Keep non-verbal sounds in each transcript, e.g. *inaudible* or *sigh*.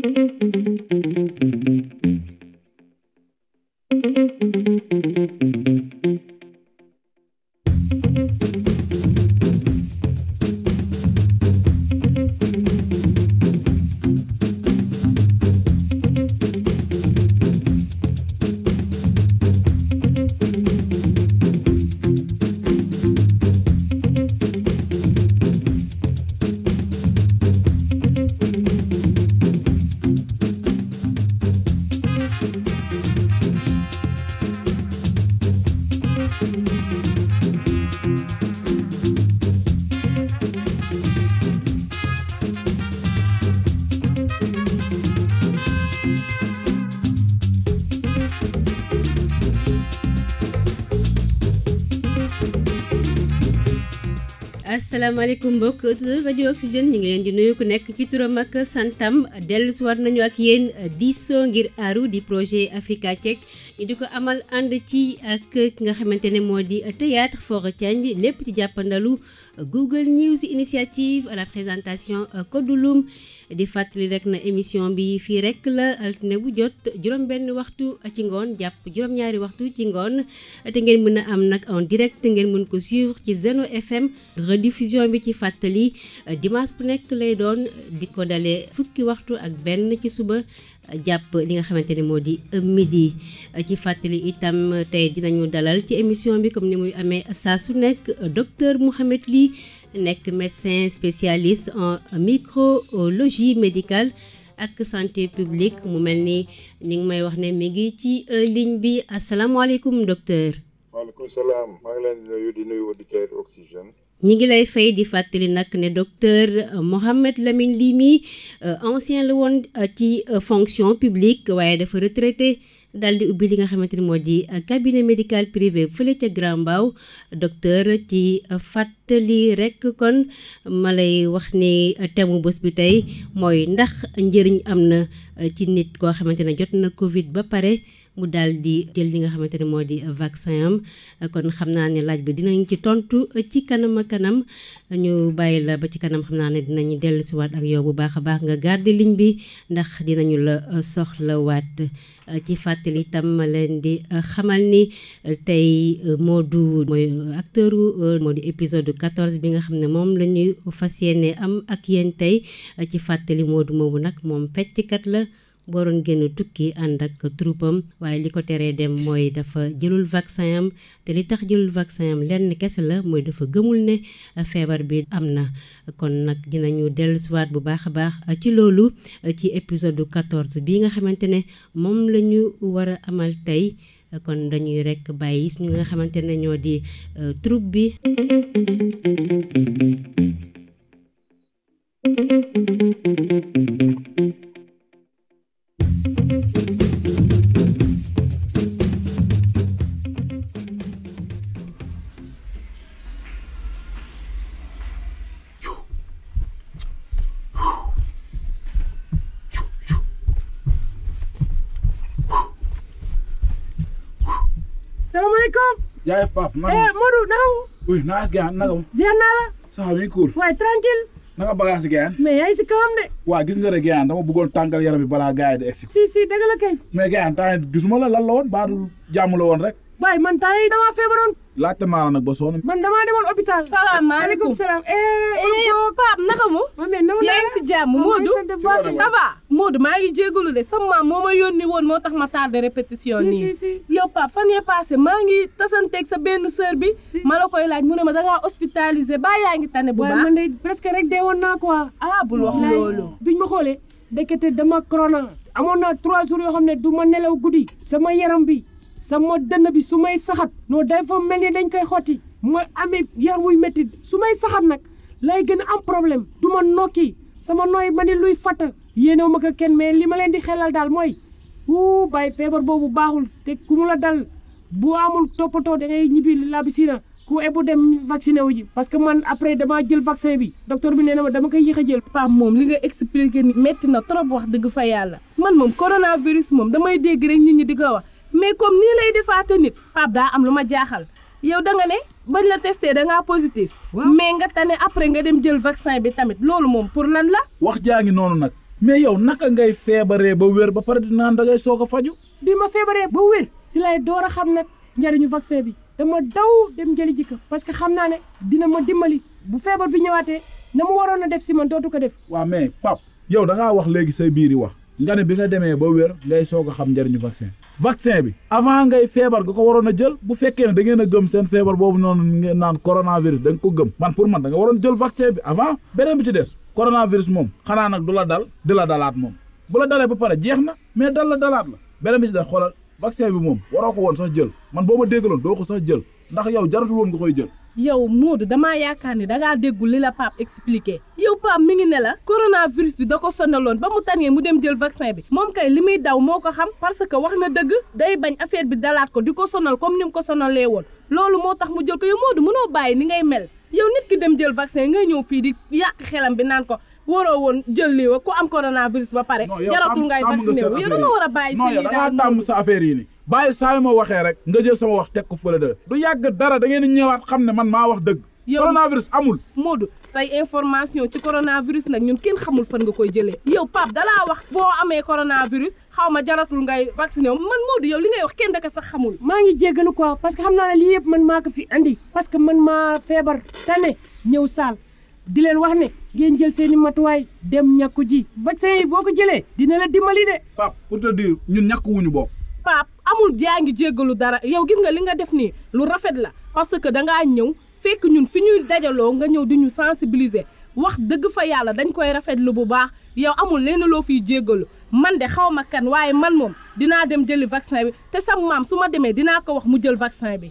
thank you asalaamaaleykum mbokk rajo Oxygène ñu ngi leen di nuyu ku nekk ci turam santam dellu si war nañu ak yéen diisoo ngir aaru di projet Africa Check ñu di ko amal ànd ci ak ki nga xamante ne moo di théâtre Fora Thiam lépp ci jàppandalu Google News Initiative à la présentation euh, Kodulum di fàttali rek na émission bi fii rek la altine bu jot juróom-benn waxtu ci ngoon jàpp juróom-ñaari waxtu ci ngoon te ngeen mën a am nag en direct ngeen mën ko suivre ci Zeno FM rediffusion bi ci fàttali euh, dimaas bu nekk lay doon di ko dalee fukki waxtu ak benn ci suba. jàpp li nga xamante ne moo di midi ci fàttali itam tey dinañu dalal ci émission bi comme ni muy amee saa su nekk docteur Mouhamed lii nekk médecin spécialiste en micrologie médicale ak santé publique mu mel ni ni ngi may wax ne mi ngi ci euh, ligne bi asalaamaaleykum docteur. waaleykum ñi ngi lay fay di fàttali nag ne docteur euh, Mouhamed Lamine Ly mi euh, ancien la woon euh, ci fonction publique waaye dafa retraité daal di ubbi li nga xamante ni moo di cabinet médical privé fële ca Grand Mbao docteur ci fàttali rek kon ma lay wax ni thème bés bi tey mooy ndax njëriñ am na ci nit koo xamante ne jot na Covid ba pare mu daal di jël li nga xamante ne moo di vaccin am kon xam naa ni laaj bi dinañ ci tontu ci kanam kanam ñu bàyyi la ba ci kanam xam naa ne dinañu dellu si waat ak yow bu baax a baax nga garder ligne bi ndax dinañu la soxlawaat ci fàttali itam leen di xamal ni tey Modou mooy acteur moo di épisode 14 bi nga xam ne moom la ñuy fas yéene am ak yéen tey ci fàttali Modou moomu nag moom fecckat la doon génn tukki ànd ak troupam waaye li ko teree dem mooy dafa jëlul vaccin am te li tax jëlul vaccin am lenn kese la mooy dafa gëmul ne feebar bi am na kon nag dinañu dellusiwaat bu baax a baax ci loolu ci épisode 14 bi nga xamante ne moom lañu ñu war a amal tey kon dañuy rekk bàyyi suñu nga xamante ne ñoo di euh, troupe bi jaay pap naka eh Modou naka. oui si gaan naka. ziar naa la. ça va bien cool. waaye tranquille. si kawam de. waa gis nga de gaan dama bëggoon tàngal yaram bi balaa gars yi di egsi. si si dëgg la kay. mais gaan temps gisuma la lan la woon baadu jàmm la woon rek. waaye man temps yii damaa laajte maa la nag ba sonn. man damaa de demoon hôpital. salaamaaleykum salaam. Eh, eh, Pape naka mu. yaa ngi si jàmm Moodu. ça va Moodu maa ngi jégalu de sama maam moo ma yónni woon moo tax ma tardé répétition nii. yow Pape fan yee passé maa ngi tasanteeg sa benn sœur bi. ma la koy laaj mu ne ma dangaa hospitalisé baa yaa ngi tane bu baax. waaye man de presque rek dee woon naa quoi. ah bul wax loolu. biñ ma xoolee. ndekete dama corona. amoon naa trois jours yoo xam ne du ma nelaw guddi. sama yaram bi. sama dënn bi su may saxaat non day fa mel ni dañ koy xotti ma amee yar wuy métti su may saxaat nag lay gën a am problème du ma nokki sama nooy ma ni luy fatt yéenewu ma ko kenn mais li ma leen di xelal daal mooy wuu bàyyi feebar boobu baaxul te ku mu la dal bu amul toppatoo da ngay ñibbi la bi sina ku ebu dem vacciné wu ji parce que man après damaa jël vaccin bi docteur bi nee na ma dama koy yéex a jël. Pape moom li nga expliqué ni métti na trop wax dëgg fa yàlla man moom coronavirus moom damay dégg rek nit ñi di ko wax. mais comme nii lay defaate nit Pape daa am lu ma jaaxal yow danga nga ne bañ la testé da ngaa positif. mais nga tane après nga dem jël vaccin bi tamit loolu moom pour lan la. wax jaa ngi noonu nag mais yow naka ngay feebaree ba wér ba pare di naan dangay soog a faju bi ma feebaree ba wér si lay door a xam nag njëriñu vaccin bi dama daw dem jëli jikka parce que xam naa ne dina ma dimbali bu feebar bi ñëwaatee na mu waroon a def si man dootu ko def. waa mais Pape yow da ngaa wax léegi say biiri wax. nga ne bi nga demee ba wér gay soog a xam njëriñu vaccin vaccin bi avant ngay feebar nga ko waroon a jël bu fekkee na da ngeen a gëm seen feebar boobu noonu ngeen naan coronavirus da ko gëm man pour man da nga jël vaccin bi avant beneen bi ci des coronavirus moom xanaa nag du la dal di la dalaat moom bu la dalee ba pare jeex na mais dal la dalaat la beneen bi ci des xoolal vaccin bi moom waroo ko woon sax jël man boo ma déggaloon doo ko sax jël ndax yow jaratul woon nga koy jël yow Modou damaa yaakaar ni dangaa déggul li la Pape expliqué yow Pape mu ngi ne la coronavirus bi da ko sonaloon ba mu tanee mu dem jël vaccin bi moom kay li muy daw moo ko xam parce que wax na dëgg day bañ affaire bi dalaat ko di ko sonal comme ni mu ko sonalee woon loolu moo tax mu jël ko yow Modou mënoo bàyyi ni ngay mel yow nit ki dem jël vaccin ngay ñëw fii di yàq xelam bi naan ko waroo woon jël lii wa ku am coronavirus ba pare. jaratul ngay vacciné wu yow da nga war a bàyyi. si sa affaire yi nii bàyyi saa yu ma waxee rek nga jël sama wax teg ko fële de du yàgg dara da ngeen ñëwaat xam ne man maa wax dëgg. yow coronavirus amul. Modou say information ci coronavirus nag ñun kenn xamul fan nga koy jëlee yow Pape dalaa wax boo amee coronavirus xaw ma jaratul ngay vacciné wu man Modou yow li ngay wax kenn daka sax xamul. maa ngi jéggalu ko parce que xam naa ne lii man maa ko fi andi parce que man maa feebar tane ñëw saal. di leen wax ne ngeen jël seeni matuwaay dem ñàkku ji vaccin yi boo ko jëlee dina la dimbali de. Pape pour te dire ñun ñàkkuwuñu bopp. Pape amul jaa ngi jéggalu dara yow gis nga li nga def nii lu rafet la parce que dangaa ñëw fekk ñun fi ñuy dajaloo nga ñëw di ñu sensibiliser wax dëgg fa yàlla dañu koy rafetlu bu baax yow amul leen loo fiy jéggalu man de xaw ma kan waaye man moom dinaa dem jëli vaccin bi te sa maam su ma demee dinaa ko wax mu jël vaccin bi.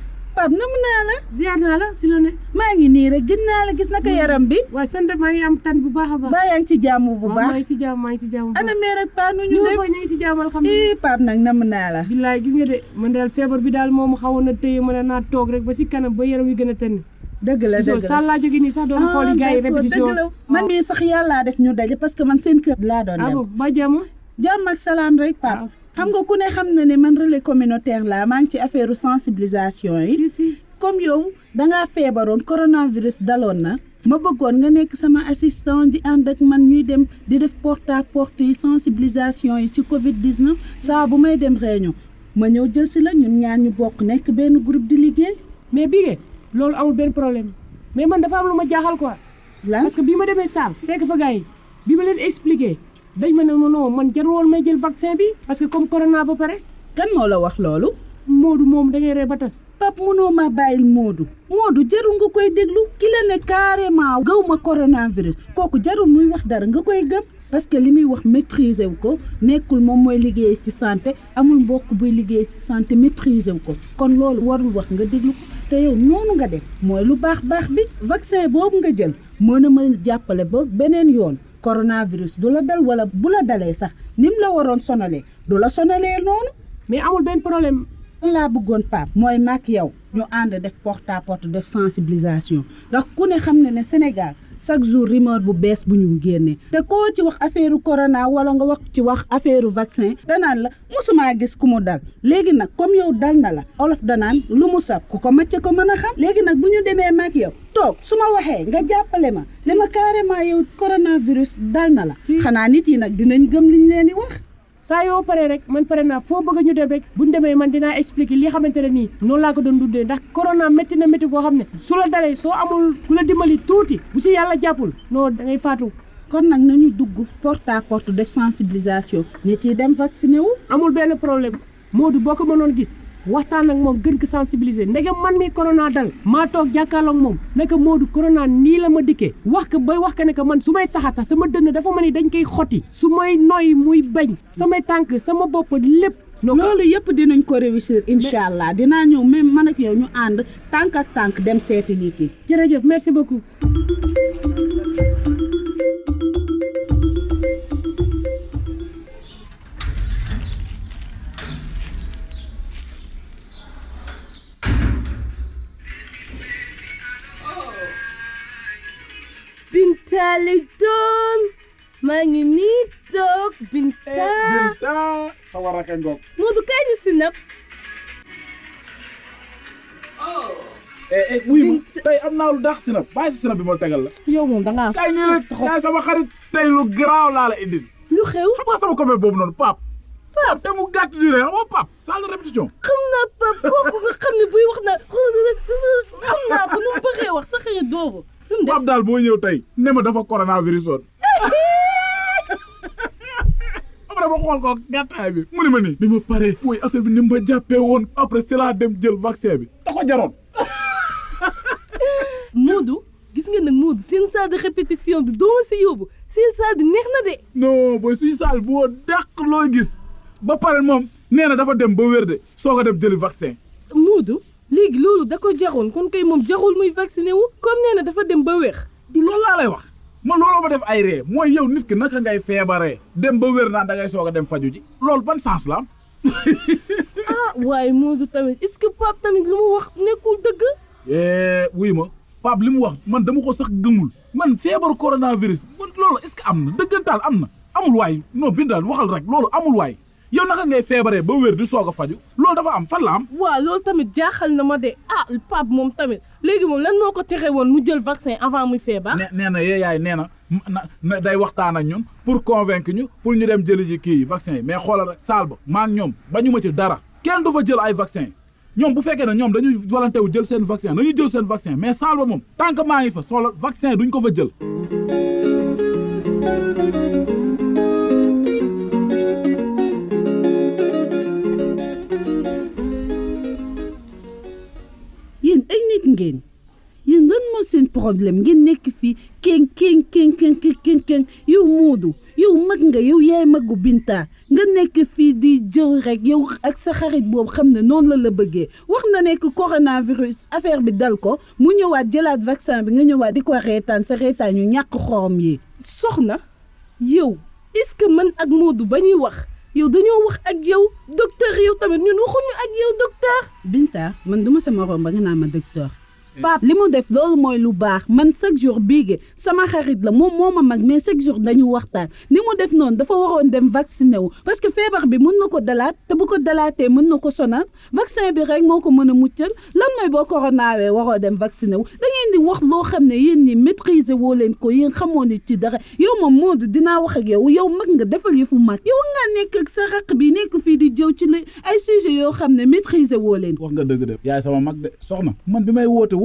Pape namm naa la. ziar naa la si loolu ne. maa ngi nii rek gis naa la gis naka yaram bi. waaw sant maa ngi am tan bu baax a baax. ba yaa ngi ci jàmm bu baax maa ngi jàmm maa ngi si jàmm. ana meer ak ngi si jàmm alhamdulilah. Pape nag namm naa la. billaay gis nga de man daal feebar bi daal moom xaw na téye mën naa toog rek ba si kanam ba yaram wi gën a tënn. dëgg la dëgg la soo laa jógee nii sax doon ah, xooli gars yi répétition man mii sax yàllaa def ñu daje parce que man seen kër laa doon dem. ah bon ba jàmm. jàmm ak salaam rek Pape ah, xam nga ku ne xam na ne man relais communautaire la maa ngi ci affaire sensibilisation yi. comme yow dangaa feebaroon coronavirus daloon na. ma bëggoon nga nekk sama assistant di ànd ak man ñuy dem di def porte à yi sensibilisation yi ci Covid 19 saa bu may dem réunion ma ñëw jël si la ñun ñaan ñu bokk nekk benn groupe di liggéey. mais bii loolu amul benn problème mais man dafa am lu ma jaaxal quoi. lan parce que bii ma demee saal fekk fa gars yi bi ma leen expliqué. dañ ma ne ma non man jarul woon may jël vaccin bi parce que comme corona ba pare. kan moo la wax loolu. Moodu moom da ngay ree ba tas. pap mënoo ma bàyyil Moodu. Moodu jarul nga koy déglu ki la ne carrément. gaw ma coronavirus kooku jarul muy wax dara nga koy gëm. parce que li muy wax maîtriser wu ko nekkul moom mooy liggéey ci santé amul mbokk buy liggéey ci santé wu ko kon loolu warul wax nga déglu ko te yow noonu nga def mooy lu baax baax bi vaccin boobu nga jël mën a mën jàppale ba beneen yoon coronavirus du la dal wala bu la dalee sax ni mu la waroon sonalee du la sonale noonu. mais amul benn problème. laa bëggoon Pape mooy maak yow ñu ànd def porte à porte def sensibilisation ndax ku ne xam ne ne Sénégal. chaque jour rumeur bu bees bu ñu génnee te koo ci wax affaire corona wala nga wax ci wax affaire vaccin danaan la mosumaa gis ku mu dal léegi nag comme yow dal na la olof danaan lu mu saf ku ko macce ko mën a xam léegi nag bu ñu demee mag yow toog su ma waxee nga jàppale ma ne ma carrément yow coronavirus dal na la xanaa nit yi nag dinañ gëm li ñu leen di wax saa yoo paree rek man pare naa foo bëgg ñu dem rek bu demee man dinaa expliquer lii xamante ne nii noonu laa ko doon dundee ndax corona métti na métti goo xam ne su la dalee soo amul ku la dimbali tuuti bu si yàlla jàppul non dangay ngay faatu. kon nag nañu dugg porte à porte def sensibilisation nit yi dem si wu. amul benn problème Modou boo ko mënoon gis. waxtaan ak moom gën ko sensibiliser ndegam man mi corona dal maa toog jàkkaarloog moom naka Modou koronaa nii la ma dikkee wax ko bay wax ko ne que man su may saxaat sax sama dënn dafa ma ni dañ koy xotti su may noy muy bañ samay tànk sama bopp lépp loolu yëpp dinañ ko réussir incha allah dinaa ñëw même mën ak yow ñu ànd tànk ak tànk dem seeti nit yi jërëjëf merci beaucoup Téléthon maa ngi nii toog Binta eh, Binta sa war a ka ngoog Modou kaay ñu si nag eh, eh, wuy ma am naa lu daax sinab bàyyi si sinab bi ma tegal la yow moom da ngaa kaay nii rek kaay sama xarit tey lu garaaw laa la indil lu xew xam nga sama copain boobu noonu Pape Pape te mu gàtt di rek mu bëggee wax sa xarit doobu Pape daal boo ñëw tey ne ma dafa coronavirus woon. *laughs* après ma xool ko gàttaay bi mu ne ma nii. bi ma paree mooy affaire bi ni ma jàppee woon après si laa dem jël vaccin bi da ko jaroon. *laughs* gis nga nag Moodu seen salle de répétition si yóbbu seen salle na de. non booy suñu salle boo dàq loo gis ba pare moom nee na dafa dem ba wér de soo dem jëli vaccin. Moodu. léegi loolu da ko jaxoon kon kay moom jaxul muy vacciné wu comme nee na dafa dem ba wér. du loolu laa lay wax man looloo ma def ay ree mooy yow nit ki naka ngay feebaree dem ba wér naa dangay soo soog a dem faju ji loolu ban sens la am. *laughs* ah waaye Modou tamit est-ce que Pape tamit lu mu wax nekkul dëgg. Eh, wuy ma Pape li mu wax man dama ko sax gëmul man feebaru coronavirus loolu est-ce que am na dëggantaan am na amul waay non bindaal waxal rek loolu amul waay. yow naka ngay feebaree ba wér di soog a faju loolu dafa am fan la am. waaw loolu tamit jaaxal na ma de ah Pape moom tamit léegi moom lan moo ko texe woon mu jël vaccin avant muy feebar. nee nee na yaay nee na na day waxtaan ak ñun pour convaincre ñu pour ñu dem jëli ji kii vaccin yi mais xoolal rek saal maa ngi ñoom ba ñu ma ci dara kenn du fa jël ay vaccin ñoom bu fekkee ne ñoom dañuy volonté wu jël seen vaccin dañuy jël seen vaccin mais saal ba moom tant que maa ngi fa soxla ko fa jël. ay nit ngeen yéen lan moo seen problème ngeen nekk fii keng keng keng keng keng keng yow Moodu yow mag nga yow yaay magu Binta nga nekk fii di jëw rek yow ak sa xarit boobu xam ne noonu la la bëggee wax na nekk coronavirus affaire bi dal ko mu ñëwaat jëlaat vaccin bi nga ñëwaat di ko reetaan sa reetaan yu ñàkk xorom yi. soxna yow est-ce que man ak Moodu ba ñuy wax. yow dañoo wax ak yow docteur yow tamit ñun waxuñu ak yow docteur. Binta man duma sama romb nga naa ma docteur. Pape li mu def loolu mooy lu baax man chaque jour bii sama xarit la moom moo ma mag mais chaque jour dañu waxtaan ni mu def noonu dafa waroon dem vacciné wu parce que feebar bi mën na ko dalaat te bu ko dalaatee mën na ko sonal vaccin bi rek moo ko mën a muccal lan mooy boo ko coronaawee waroo dem vacciné wu da ngeen di wax loo xam ne yéen ñi maîtriser woo leen ko yéen xamoo ne ci dara yow moom Modou dinaa wax ak yow yow mag nga defal yi yëfu mag yow nga nekk ak sa raq bi nekk fii di jëw ci la ay sujet yoo xam ne maîtriser woo leen. wax nga dëgg mag soxna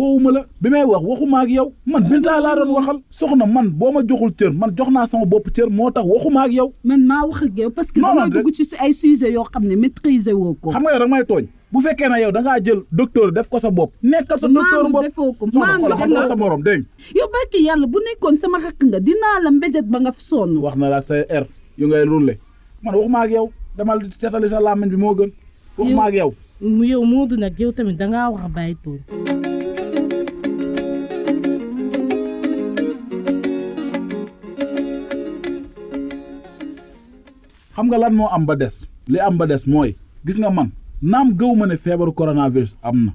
woowuma la bi may wax waxuma ak yow man Binta laa doon waxal soxna man boo ma joxul cër man jox naa sama bopp cër moo tax waxuma ak yow. man maa wax ak yow parce que. non non dugg ci ay sujets yoo xam ne maîtriser woo ko. xam nga yow da may tooñ. bu fekkee ne yow da ngaa jël docteur def ko sa bopp. nekkal sa docteur bopp defoo ko maanu sa morom dégg yow barki yàlla bu nekkoon sama xaq nga dinaa la mbéjat ba nga sonn. wax na la ak say air yu ngay roulé man ak yow demal seetali sa làmmiñ bi moo gën. waxuma ak yow. yow Modou nag yow tamit da ngaa wax bàyyi tooñ xam nga lan moo am ba des li am ba des mooy gis nga man naam gëw ma ne feebaru coronavirus am na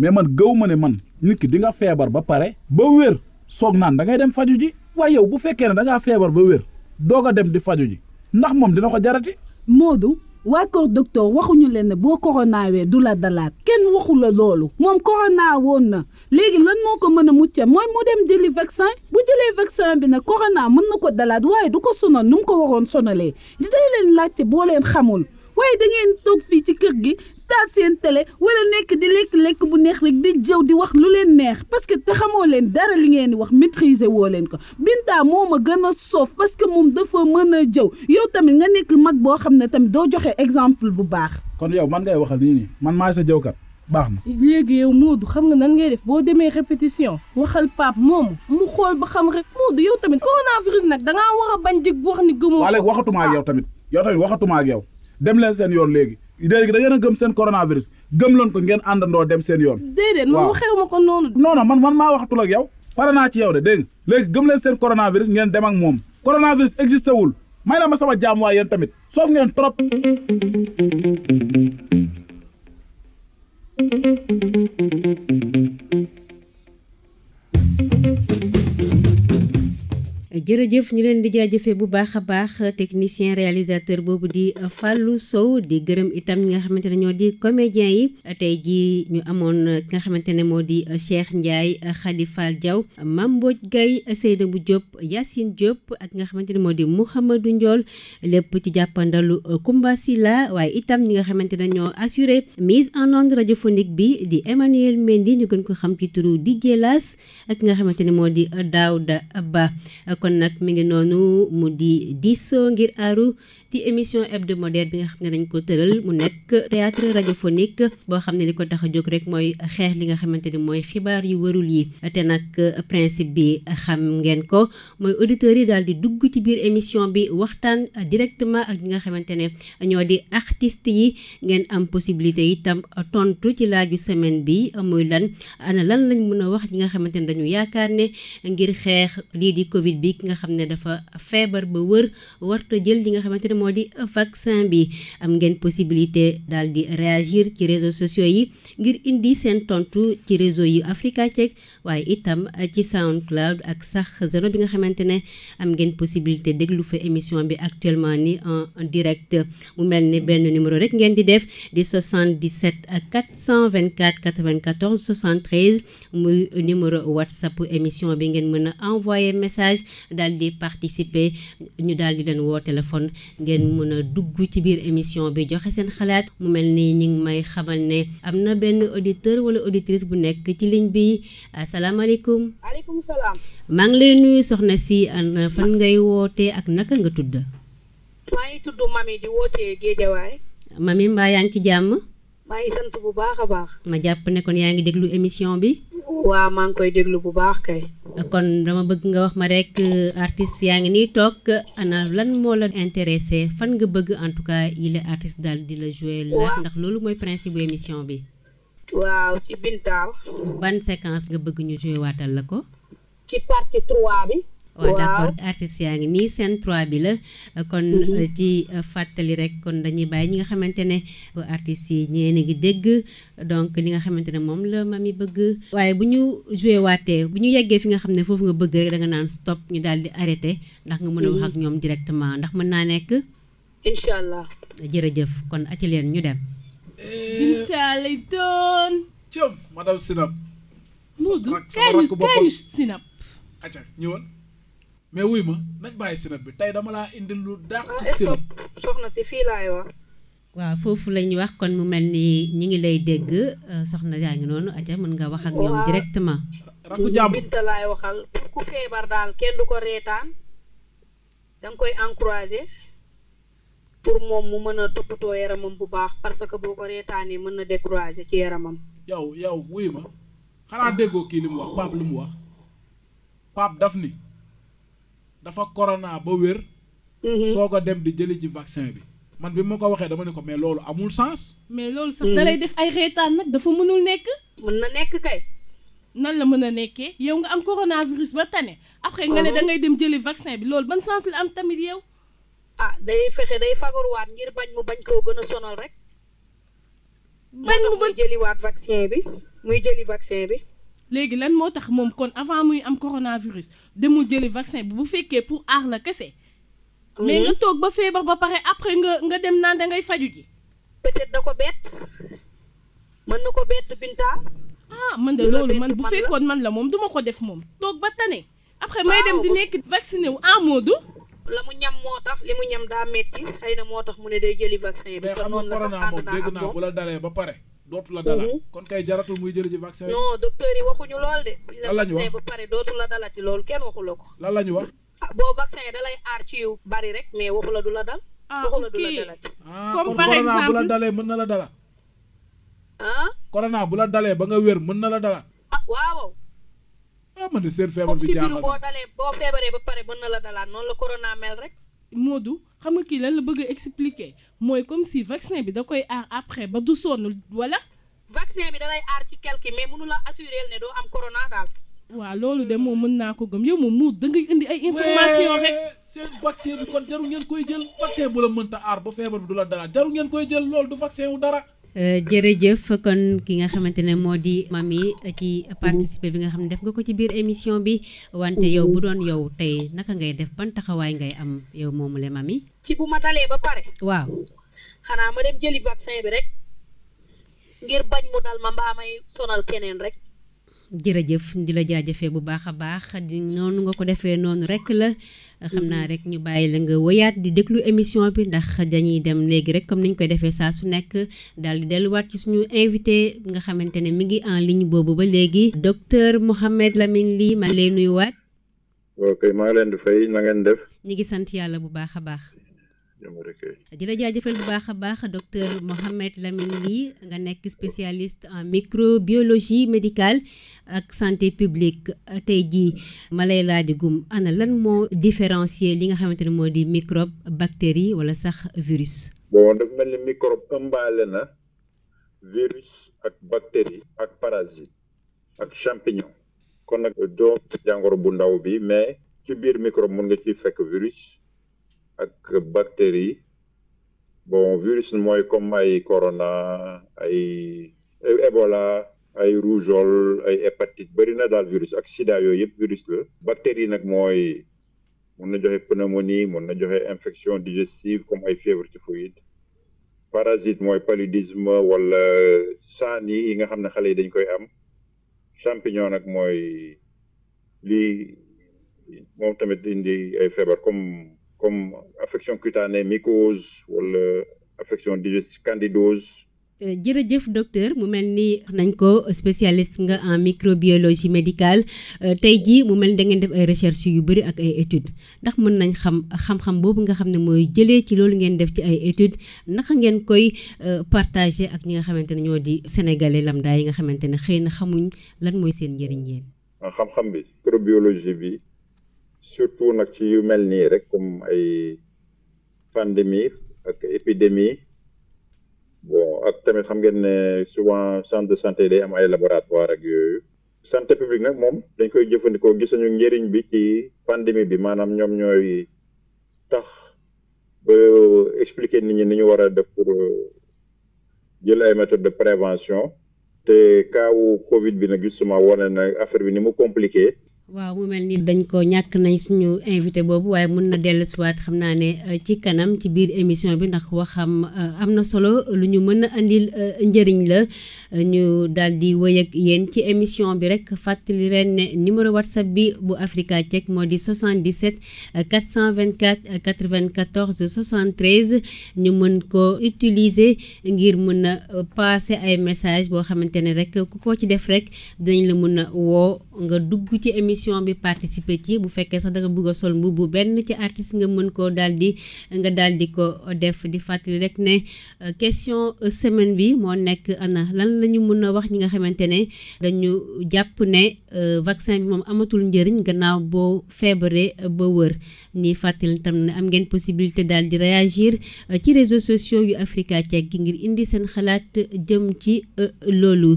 mais man gëw ma ne man nit ki nga feebar ba pare ba wér soog naan da ngay dem faju ji waaye yow bu fekkee ne da ngaa feebar ba wér doog a dem di faju ji ndax moom dina ko jarati Modou waa kër docteur waxuñu leen ne boo coronawee du la dalaat kenn waxu la loolu moom corona woon na léegi lan moo ko mën a mucca mooy mu dem jëli vaccin bu jëlee vaccin bi na corona mën na ko dalaat waaye du ko sonal nu mu ko waroon sonalee di day leen laajte boo leen xamul waaye da ngeen toog fii ci kër gi taal seen télé wala nekk di lekk-lekk bu neex rek di jëw di wax lu leen neex parce que te xamoo leen dara li ngeen di wax maîtriser woo leen ko Binta moom ma gën a soof parce que moom dafa mën a jëw yow tamit nga nekk mag boo xam ne tamit doo joxe exemple bu baax. kon yow man ngay waxal nii nii man maay sa jëwkat. baax na léegi yow Moodu xam nga nan ngay def boo demee répétition waxal Pape moomu mu xool ba xam rek Moodu yow tamit coronavirus nag da ngaa war a bañ jig bu wax yow tamit yow tamit waxatuma ak yow dem leen seen yoon léegi léegi da ngeen a gëm seen coronavirus gëm loon ko ngeen àndandoo dem seen yoon. déedéet man waxewu ma ko noonu. non man man maa waxatul ak yow pare naa ci yow de dégg léegi gëm leen seen coronavirus ngeen dem ak moom coronavirus existé wul may la ma sama jaam waay yéen tamit soof ngeen trop. jërëjëf ñu leen di jaajëfee bu baax a baax technicien réalisateur boobu di Fallou Sow di gërëm itam ñi nga xamante ne ñoo di comédiens yi tey jii ñu amoon ki nga xamante ne moo di Cheikh Ndiaye Khady Fall Diaw Mame Mbodj Gaye Seynabou Diop Yacine Diop ak nga xamante ne moo di Mouhamadou Ndiol lépp ci jàppandalu Koumba Silla waaye itam ñi nga xamante ne ñoo assuré mise en onde radiophonique bi di Emmanuel Mendy ñu gën ko xam ci turu DJ Las ak nga xamante ne moo di Daouda Ba kon nag mi ngi noonu mu di di diisoo ngir aaru di émission hebdomadaire bi nga xam ne dañ ko tëral mu nekk théâtre radiophonique boo xam ne li ko tax a jóg rek mooy xeex li nga xamante ni mooy xibaar yu warul yi te nag principe bi xam ngeen ko mooy auditeurs yi daal di dugg ci biir émission bi waxtaan directement ak ñi nga xamante ne ñoo di artistes yi ngeen am possibilité itam tontu ci laaju semaine bi muy lan ana lan lañ mun a wax ñi nga xamante ne dañu yaakaar ne ngir xeex lii di Covid bi ki nga xam ne dafa feebar ba moo di vaccin bi am ngeen possibilité daal di réagir ci réseaux sociaux yi ngir indi seen tontu ci réseau yi Africa Check waaye itam ci SoundCloud ak sax zeno bi nga xamante ne am ngeen possibilité déglu fa émission bi actuellement ni en direct mu mel ni benn numéro rek ngeen di def di 77 424 94 73 muy numéro WhatsApp émission bi ngeen mën a envoyé message daal di participer ñu daal di leen woo téléphone. ngeen mën a dugg ci biir émission bi joxe seen xalaat mu mel ni ñu ngi may xamal ne am na benn auditeur wala auditrice bu nekk ci ligne bi asalaamaaleykum. maaleykum salaam. maa ngi lay nuyu soxna si an fan ngay wootee ak naka nga tudd. maa mami di wootee Géejawaay. mami mbaa yaa ci jàmm. maa ngi bu baax a baax. ma jàpp ne kon yaa ngi déglu émission bi. waaw maa ngi koy déglu bu baax kay. kon dama bëgg nga wax ma rek artiste yaa ngi nii toog ana lan moo la intéressé fan nga bëgg en tout cas yi la artiste daal di la joué. la ndax loolu mooy principe bu émission bi. waaw ci Bintaal. ban séquence nga bëgg ñu joué la ko. ci partie 3 bi. waaw d'accord artistes yaa ngi nii seen trois bi la kon ci mhm. euh, euh, fàttali rek kon dañuy bàyyi ñi nga xamante ne artistes yi ñeen a ngi dégg donc li nga xamante ne moom la ma mami bëgg waaye bu ñu joué waatee bu ñu yeggee fi nga xam ne foofu nga bëgg rek da nga naan stop ñu daal di arrêté ndax nga mën a wax ak mhm. ñoom directement ndax mën naa nekk incha jërëjëf kon aci leen ñu dem eh, mais wuy ma nañ bàyyi sirop bi tey dama laa indi lu dàq ah, sirop soxna si fii laay wax waaw foofu la ñuy wax kon mu mel ni ñi ngi lay dégg euh, soxna yaa ngi noonu aja mën nga wax ak ñoom directement rakku jàmm binta laay waxal ku feebar daal kenn du ko reetaan danga koy encourager pour moom mu mën a toppatoo yaramam bu baax parce que boo ko reetaanee mën na décourager ci yaramam yow yow wuy ma xanaa déggoo kii li mu wax Pape li mu wax dafa corona ba wér. Mhm. soo ko dem di jëli ji vaccin bi. man bi ma ko waxee dama ne ko mais loolu amul sens. mais loolu sax da mhm. lay def ay reetaan nag dafa mënul nekk. mën na nekk kay. nan la mën a nekkee yow nga am coronavirus ba tane. après nga ne da ngay dem jëli vaccin bi loolu ban sens la am tamit yow. ah day fexe day fagaruwaat ngir bañ mu bañ koo gën a sonal rek. bañ mu bañ muy jëliwaat vaccin bi muy jëli vaccin bi. léegi lan moo tax moom kon avant muy am coronavirus demul jëli vaccin bi bu fekkee pour aar la kese. Mm-hmm. mais nga toog ba feebar ba pare après nga nga dem naan da ngay faju ji. peut-être da ko bett mën na ko bett Binta. ah man de loolu man bu fekkoon man la moom duma ko def moom toog ba tane. après may dem di nekk vacciné wu en mode. la mu ñam moo tax li mu ñam daa metti xëy na moo tax mu ne day jëli vaccin bi. kon noonu la sax ànd naa ak moom bu la dalee ba pare. dootu la dala mhm. kon kay jaratul muy jël ji vaccin non docteur yi waxuñu lool de lan la ñu wax ba pare dootu la dalati loolu kenn waxu ko lan la ñu wax ah, boo vaccin da lay aar ci yu bari rek mais waxu du la dal ah, waxu la du la dalati ah, comme mën na la dala ah corona bu la dalee ba nga wér mën na la dala ah waaw ah man seen feebar bi si boo dalee boo feebaree ba pare mën na la dalaa noonu la corona mel rek moo Modou xam nga kii lan la bëgg a mooy comme si vaccin bi da koy aar après ba du sonn wala. vaccin bi da aar ci quelque mais mënu la assurer ne doo am corona daal. waaw loolu de moom mën naa ko gëm yow moom mu da ngay indi ay information rek. seen vaccin bi kon jaru ngeen koy jël vaccin bu la mënta aar ba feebar bi du la dara jaru ngeen koy jël loolu du vaccin wu dara. Euh, jërëjëf kon ki nga xamante ne moo di mami ci participer bi nga xam ne def nga ko ci biir émission bi wante yow bu doon yow tey naka ngay def ban taxawaay ngay am yow moomu mami. ci bu ma dalee ba pare. waaw. xanaa ma dem jëli vaccin bi rek ngir bañ mu dal ma mbaa may sonal keneen rek. jërëjëf di la jaajëfee bu baax a baax di noonu nga ko defee noonu rek la xam naa rek ñu bàyyi la nga woyaat di déglu émission bi ndax dañuy dem léegi rek comme ni ñu koy defee saa su nekk daal di delluwaat ci suñu invité nga xamante ne mi ngi en ligne boobu ba léegi docteur Mouhamed Lamine Ly ma lay nuyuwaat. ok maa ngi leen di fay na def. ñu ngi sant yàlla bu baax a baax. di la jaajëfal bu baax a baax docteur Mouhamed Lamine Ly nga nekk spécialiste en biologie médicale ak santé publique tey jii ma lay laajagum ana lan moo différencier li nga xamante ne moo di microbe bactérie wala sax virus. bon dafa mel ni microbe ëmbaale na virus ak bactérie ak parasite ak champignon kon nag doo jàngoro bu ndaw bi mais ci biir microbe mun nga ci fekk virus. ak bactéries yi bon virus mooy comme ay corona ay Ebola ay rougeole ay hépatite bëri na daal virus ak sida yooyu yëpp virus la bactéries nag mooy mun na joxe pneumonie mun na joxe infection digestive comme ay fièvre typhoïde parasite mooy paludisme wala saan yi nga xam ne xale yi dañ koy am champignon nag mooy lii moom tamit indi ay feebar comme comme affection cutanée mycose wala affection digestive candidose. Euh, jërëjëf docteur mu mel ni nañ ko spécialiste nga en microbiologie médicale euh, tey jii mu mel ni da ngeen def ay recherche yu bëri ak ay études ndax mën nañ xam xam-xam boobu nga xam ne mooy jëlee ci loolu ngeen def ci ay études naka ngeen koy euh, partager ak ñi nga xamante ne ñoo di sénégalais lambda yi nga xamante ne xëy na xamuñ lan mooy seen njëriñ yéen. Ah, xam-xam bi microbiologie bi. surtout nag ci yu mel nii rek comme ay pandémie ak épidémie bon ak tamit xam ngeen ne souvent centre de santé day am ay laboratoire ak yooyu santé publique nag moom dañ koy jëfandikoo gis nañu njëriñ bi ci pandémie bi maanaam ñoom ñooy tax ba expliquer nit ñi ni ñu war a def pour euh, jël ay méthode de prévention te kaawu Covid bi nag justement wane na affaire bi ni mu compliquer waaw mu mel ni dañ ko ñàkk nañ suñu invité boobu waaye mun na dellusiwaat xam naa ne euh, ci kanam ci biir émission bi ndax xam euh, am na solo lu ñu mën a andil euh, njëriñ la ñu daal di wëy yéen ci émission bi rek fàttali ren ne numéro whatsapp bi bu Africa Check moo di 77 424 94 73 ñu mën ko utiliser ngir mun a passer ay message boo xamante ne rek ku ko ci def rek dinañ la mun a woo nga dugg ci émission émission bi participer ci bu fekkee sax da nga a sol mbubb bu benn ci artiste nga mën koo daal di nga daal di ko def di fàttali rek ne euh, question euh, semaine bi moo nekk ana lan la ñu mën a wax ñi nga xamante ne dañu jàpp ne euh, vaccin bi moom amatul njëriñ gannaaw boo feebaree ba wër ni fàttali tam ne am ngeen possibilité daal di réagir ci réseau sociaux yu Africa Tech gi ngir indi seen xalaat jëm ci loolu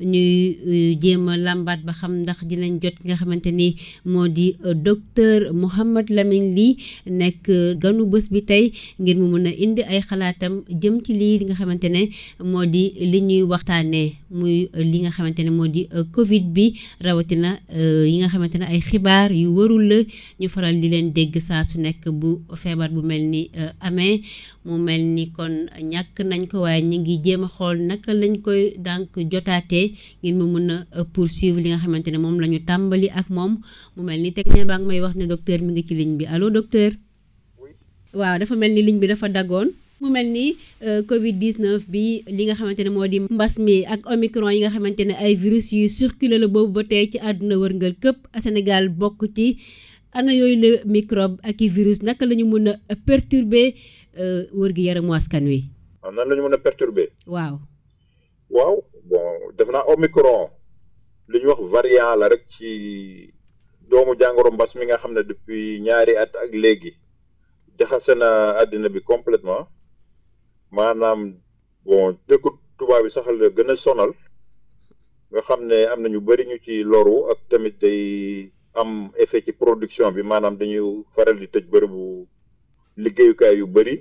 ñuy euh, jéem a làmbaat ba xam ndax dinañ jot nga xamante ni moo di euh, docteur Mouhamed Lamine Ly nekk euh, ganu bés bi tey ngir mu mun a indi ay xalaatam jëm ci lii li nga xamante ne moo di li ñuy waxtaanee. muy euh, li nga xamante ne moo di euh, Covid bi rawatina euh, yi nga xamante ne ay xibaar yu warul la ñu faral di leen dégg saa su nekk bu feebar bu mel ni amee mu mel ni kon ñàkk nañ ko waaye ñu ngi jéem a xool naka lañ koy donc jotaatee ngir mu mun a poursuivre li nga xamante ne moom la ñu tàmbali ak moom mu mel ni teg baa ngi may wax ne docteur mi ngi ci ligne bi allo docteur. waaw dafa mel ni ligne bi dafa dagoon. mu mel ni euh, Covid 19 bi li nga xamante ne moo di mbas mi ak omicron yi nga xamante ne ay virus yu circulé la boobu ba tey ci àdduna wërngal këpp Sénégal bokk ci ana yooyu la microbe ak i virus naka lañu mën a perturber euh, wër gi yaramu askan wi. waaw ah, nan la mën a perturber. waaw. waaw bon def naa omicron li ñuy wax variant la rek ci doomu jàngoro mbas mi nga xam ne depuis ñaari at ak léegi jaxase na àddina bi complètement maanaam bon dëkku tubaab yi sax la gën a sonal nga xam ne am na ñu bëri ñu ci loru ak tamit day am effet ci production bi maanaam dañuy faral di tëj bërëbu liggéeyukaay yu bëri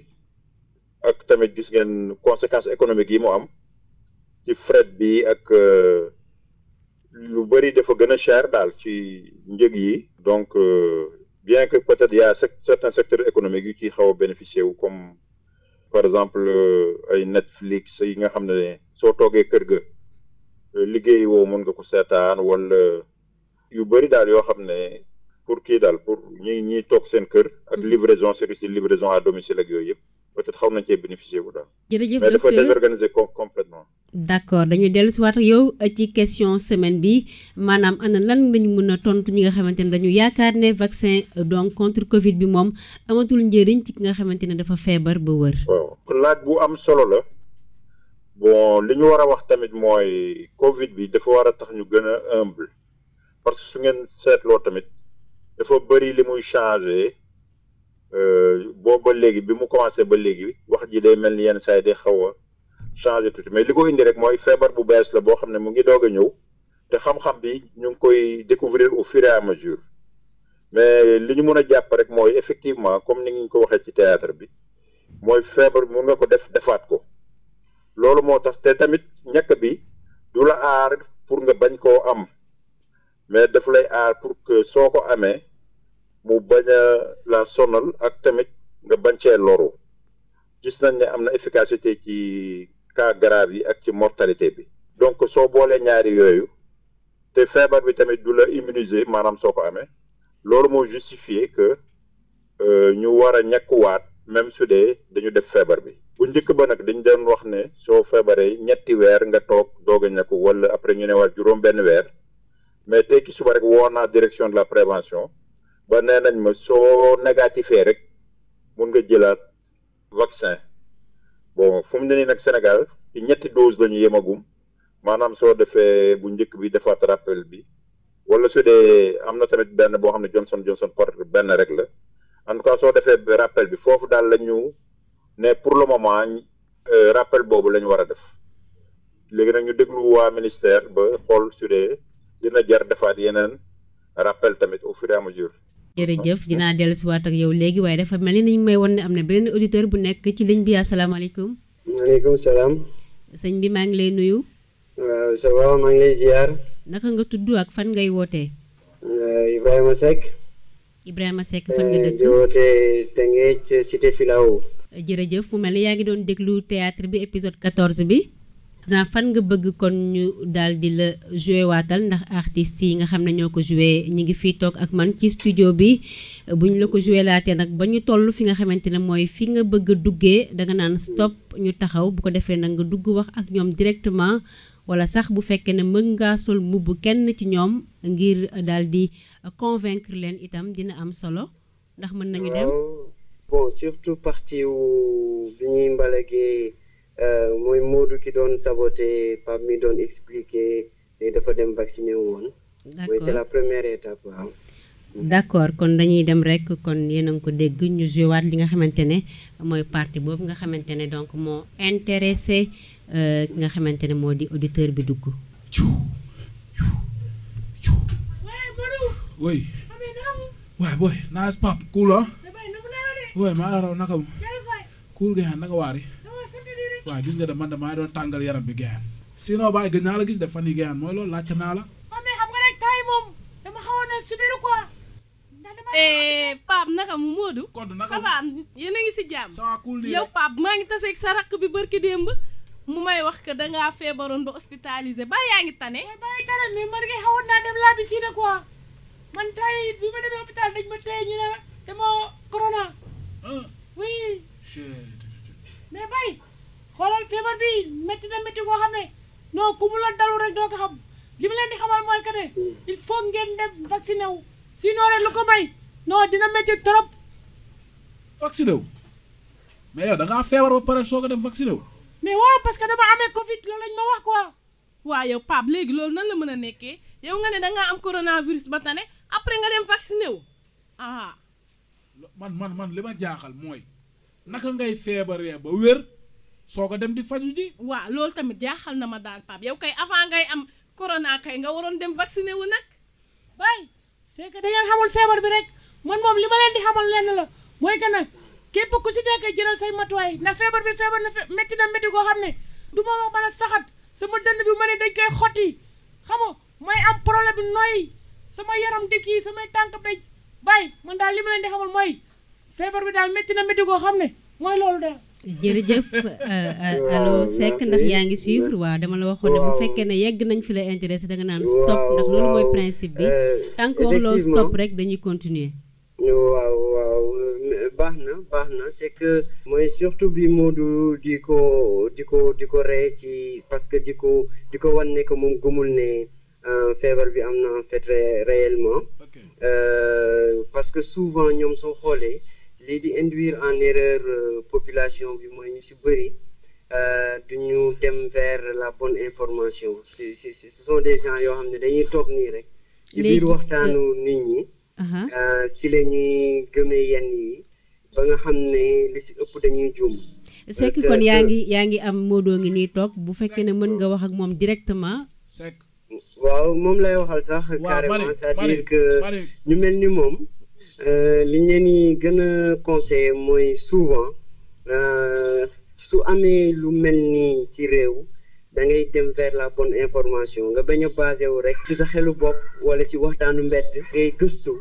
ak tamit gis ngeen conséquences économiques yi mu am ci fret bi ak euh, lu bëri dafa gën a cher daal ci njëg yi donc euh, bien que peut-être y a certains secteurs économiques yu ci xaw a bénéficier wu comme par exemple euh, ay Netflix yi nga xam ne soo toogee kër ga euh, liggéey woo mën nga ko seetaan wala yu bëri daal yoo xam ne pour kii daal pour ñi ñiy toog seen kër ak mm-hmm. livraison service de livraison à domicile ak yooyu yëpp peut-être xaw nañ cee bénéficier wu daal. jërëjëf mais dafa désorganiser complètement d'accord dañuy dellu si waat yow ci question semaine bi maanaam ana lan lañu mën a tontu ñi nga xamante ne dañu yaakaar ne vaccin euh, donc contre Covid bi moom amatul njëriñ ci ki nga xamante ne dafa feebar ba wër. waaw laaj bu am solo la bon li ñu war a wax tamit mooy Covid bi dafa war a tax ñu gën a humble parce que su ngeen seetloo tamit dafa bëri li muy changer. Euh, boo ba léegi bi mu commencé ba léegi wax ji day mel ni yenn saa yi day xaw a changé tuuti mais li ko indi rek mooy feebar bu bees la boo xam ne mu ngi doog a ñëw te xam-xam bi ñu ngi koy découvrir au fur et à mesure mais li ñu mën a jàpp rek mooy effectivement comme ni ngi ko waxee ci théâtre bi mooy feebar mun nga ko def defaat ko loolu moo tax te tamit ñàkk bi du la aar pour nga bañ koo am mais daf lay aar pour que soo ko amee mu bañ la sonal ak tamit nga bañ cee loru gis nañ ne am na efficacité ci cas grave yi ak ci mortalité bi donc soo boolee ñaari yooyu te feebar bi tamit du la immuniser maanaam soo ko amee loolu moo justifier que euh, ñu war a waat même su dee dañu def feebar bi bu njëkk ba nag dañ doon wax ne soo feebaree ñetti weer nga toog doog a ñàkku wala après ñu ne waat juróom benn weer mais tekki suba rek woo naa direction de la prévention ba nee nañ ma soo négatifee rek mun nga jëlaat vaccin bon fu mu ne nii nag Sénégal ci ñetti dose la ñu yemagum maanaam soo defee bu njëkk bi defaat rappel bi wala su dee am na tamit benn boo xam ne Johnson Johnson par benn rek la en tout soo defee rappel bi foofu daal la ñu ne pour le moment euh, rappel boobu la ñu war a def léegi nag ñu déglu waa ministère ba xool su dee dina jar defaat yeneen rappel tamit au fur et à mesure. jërëjëf dinaa dellu si waat ak yow léegi waaye dafa mel ni nañu may won ne am ne benn auditeur bu nekk ci ligne bi asalaamaaleykum. maaleykum sëñ bi maa ngi lay nuyu. waaw ça va maa ngi lay ziar. naka nga tudd ak fan ngay wootee. Euh, Ibrahima Seck. Ibrahima Seck fan nga euh, dëkk di mu mel ni yaa ngi doon déglu théâtre bi épisode 14 bi. maintenant fan nga bëgg kon ñu daal di la joué waatal ndax artistes yi nga xam ne ñoo ko joué ñu ngi fii toog ak man ci studio bi bu ñu la ko joué laatee nag ba ñu toll fi nga xamante ne mooy fi nga bëgg duggee da nga naan stop ñu taxaw bu ko defee nag nga dugg wax ak ñoom directement wala sax bu fekkee ne mën ngaa sol mbubb kenn ci ñoom ngir daal di convaincre leen itam dina am solo ndax mën nañu dem. bon surtout partie wu bi ñuy mbalagee Euh, mooy Modou ki doon saboté Pape mi doon expliqué ne dafa dem vacciné woon. mooy c'est la première étape waaw. Mm-hmm. d'accord kon dañuy dem rek kon yéen a ngi ko dégg ñu joué li nga xamante ne mooy partie boobu nga xamante ne donc moo intéressé euh, ki nga xamante ne moo di auditeur bi dugg. oui. waay ah? booy waaw gis nga de man de maa doon tàngal yaram bi gayaan sinon bàyyi gën naa la gis de fan gayaan mooy loolu laajte naa la. waaw mais xam nga rek taay moom dama xawoon eh, na yéen a ngi si jàmm. yow Pape maa ngi taseeg sa rakk bi wax que feebaroon ba hospitalisé ba man nga xawoon bi ma demee hôpital dañ ma tey ñu ne dama corona. oui. bay xoolal feebar bi métti na métti koo xam ne non ku la dalu rek doo ko xam li mu leen di xamal mooy que ne hmm. il faut ngeen dem vacciné wu sinon rek lu ko may non dina métti trop. vacciné wu mais da ngaa feebar ba pare soo ko mais waaw parce que dama amee Covid loolu lañ ma wax quoi. waaw yow Pape léegi loolu nan la mën a nekkee yow nga ne da ngaa am coronavirus ba tane après nga dem vacciné wu ah. man man man li ma jaaxal mooy naka ngay feebaree ba wér. soo ko dem di faju ji. waaw loolu tamit jaaxal na ma daal Pape yow kay avant ngay am corona kay nga waroon dem vacciné wu nag. bay c'est que da ngeen xamul feebar bi rek man moom li ma leen di xamal lenn la mooy que nag képp ku si nekk jëlal say matuwaay ndax feebar bi feebar na métti na métti koo xam ne du ma mën a saxat sama dënn bi ma ne dañ koy xotti xam nga mooy am problème bi nooy sama yaram di kii samay tànk bay bay man daal li ma leen di xamal mooy feebar bi daal métti na métti koo xam ne mooy loolu daal. jërëjëf euh, euh, Allo Seck ndax yaa ngi suivre waaw dama la waxoon ne bu fekkee ne yegg nañ fi la intéressé da nga naan stop ndax loolu mooy principe bi euh, tant que stop rek dañuy continuer waaw waaw baax na baax na c'est que mooy surtout bi Modou di ko di ko di ko ree ci parce que di ko di ko wan ne moom gëmul ne feebar bi am na en fait réellement parce que souvent ñoom soo xoolee lii di induire en erreur euh, population bi mooy ñu si bëri euh, du ñu dem vers la bonne information si si ce des gens yoo xam ne dañuy toog nii rek. ci biir waxtaanu euh, nit ñi. si uh-huh. la ñuy gëmee yenn yi ba nga xam ne li si ëpp dañuy juum. Seck kon yaa ngi yaa ngi am Modou ngi nii toog bu fekkee ne mën nga wax ak moom directement. waaw moom lay waxal sax. carrément cest dire que ñu mel ni moom. Euh, li ñu leen di gën a conseillé mooy souvent euh, su amee lu mel nii ci réew da ngay dem vers la bonne information nga bañ a basé rek ci sa xelu bopp wala si waxtaanu mbedd ngay gëstu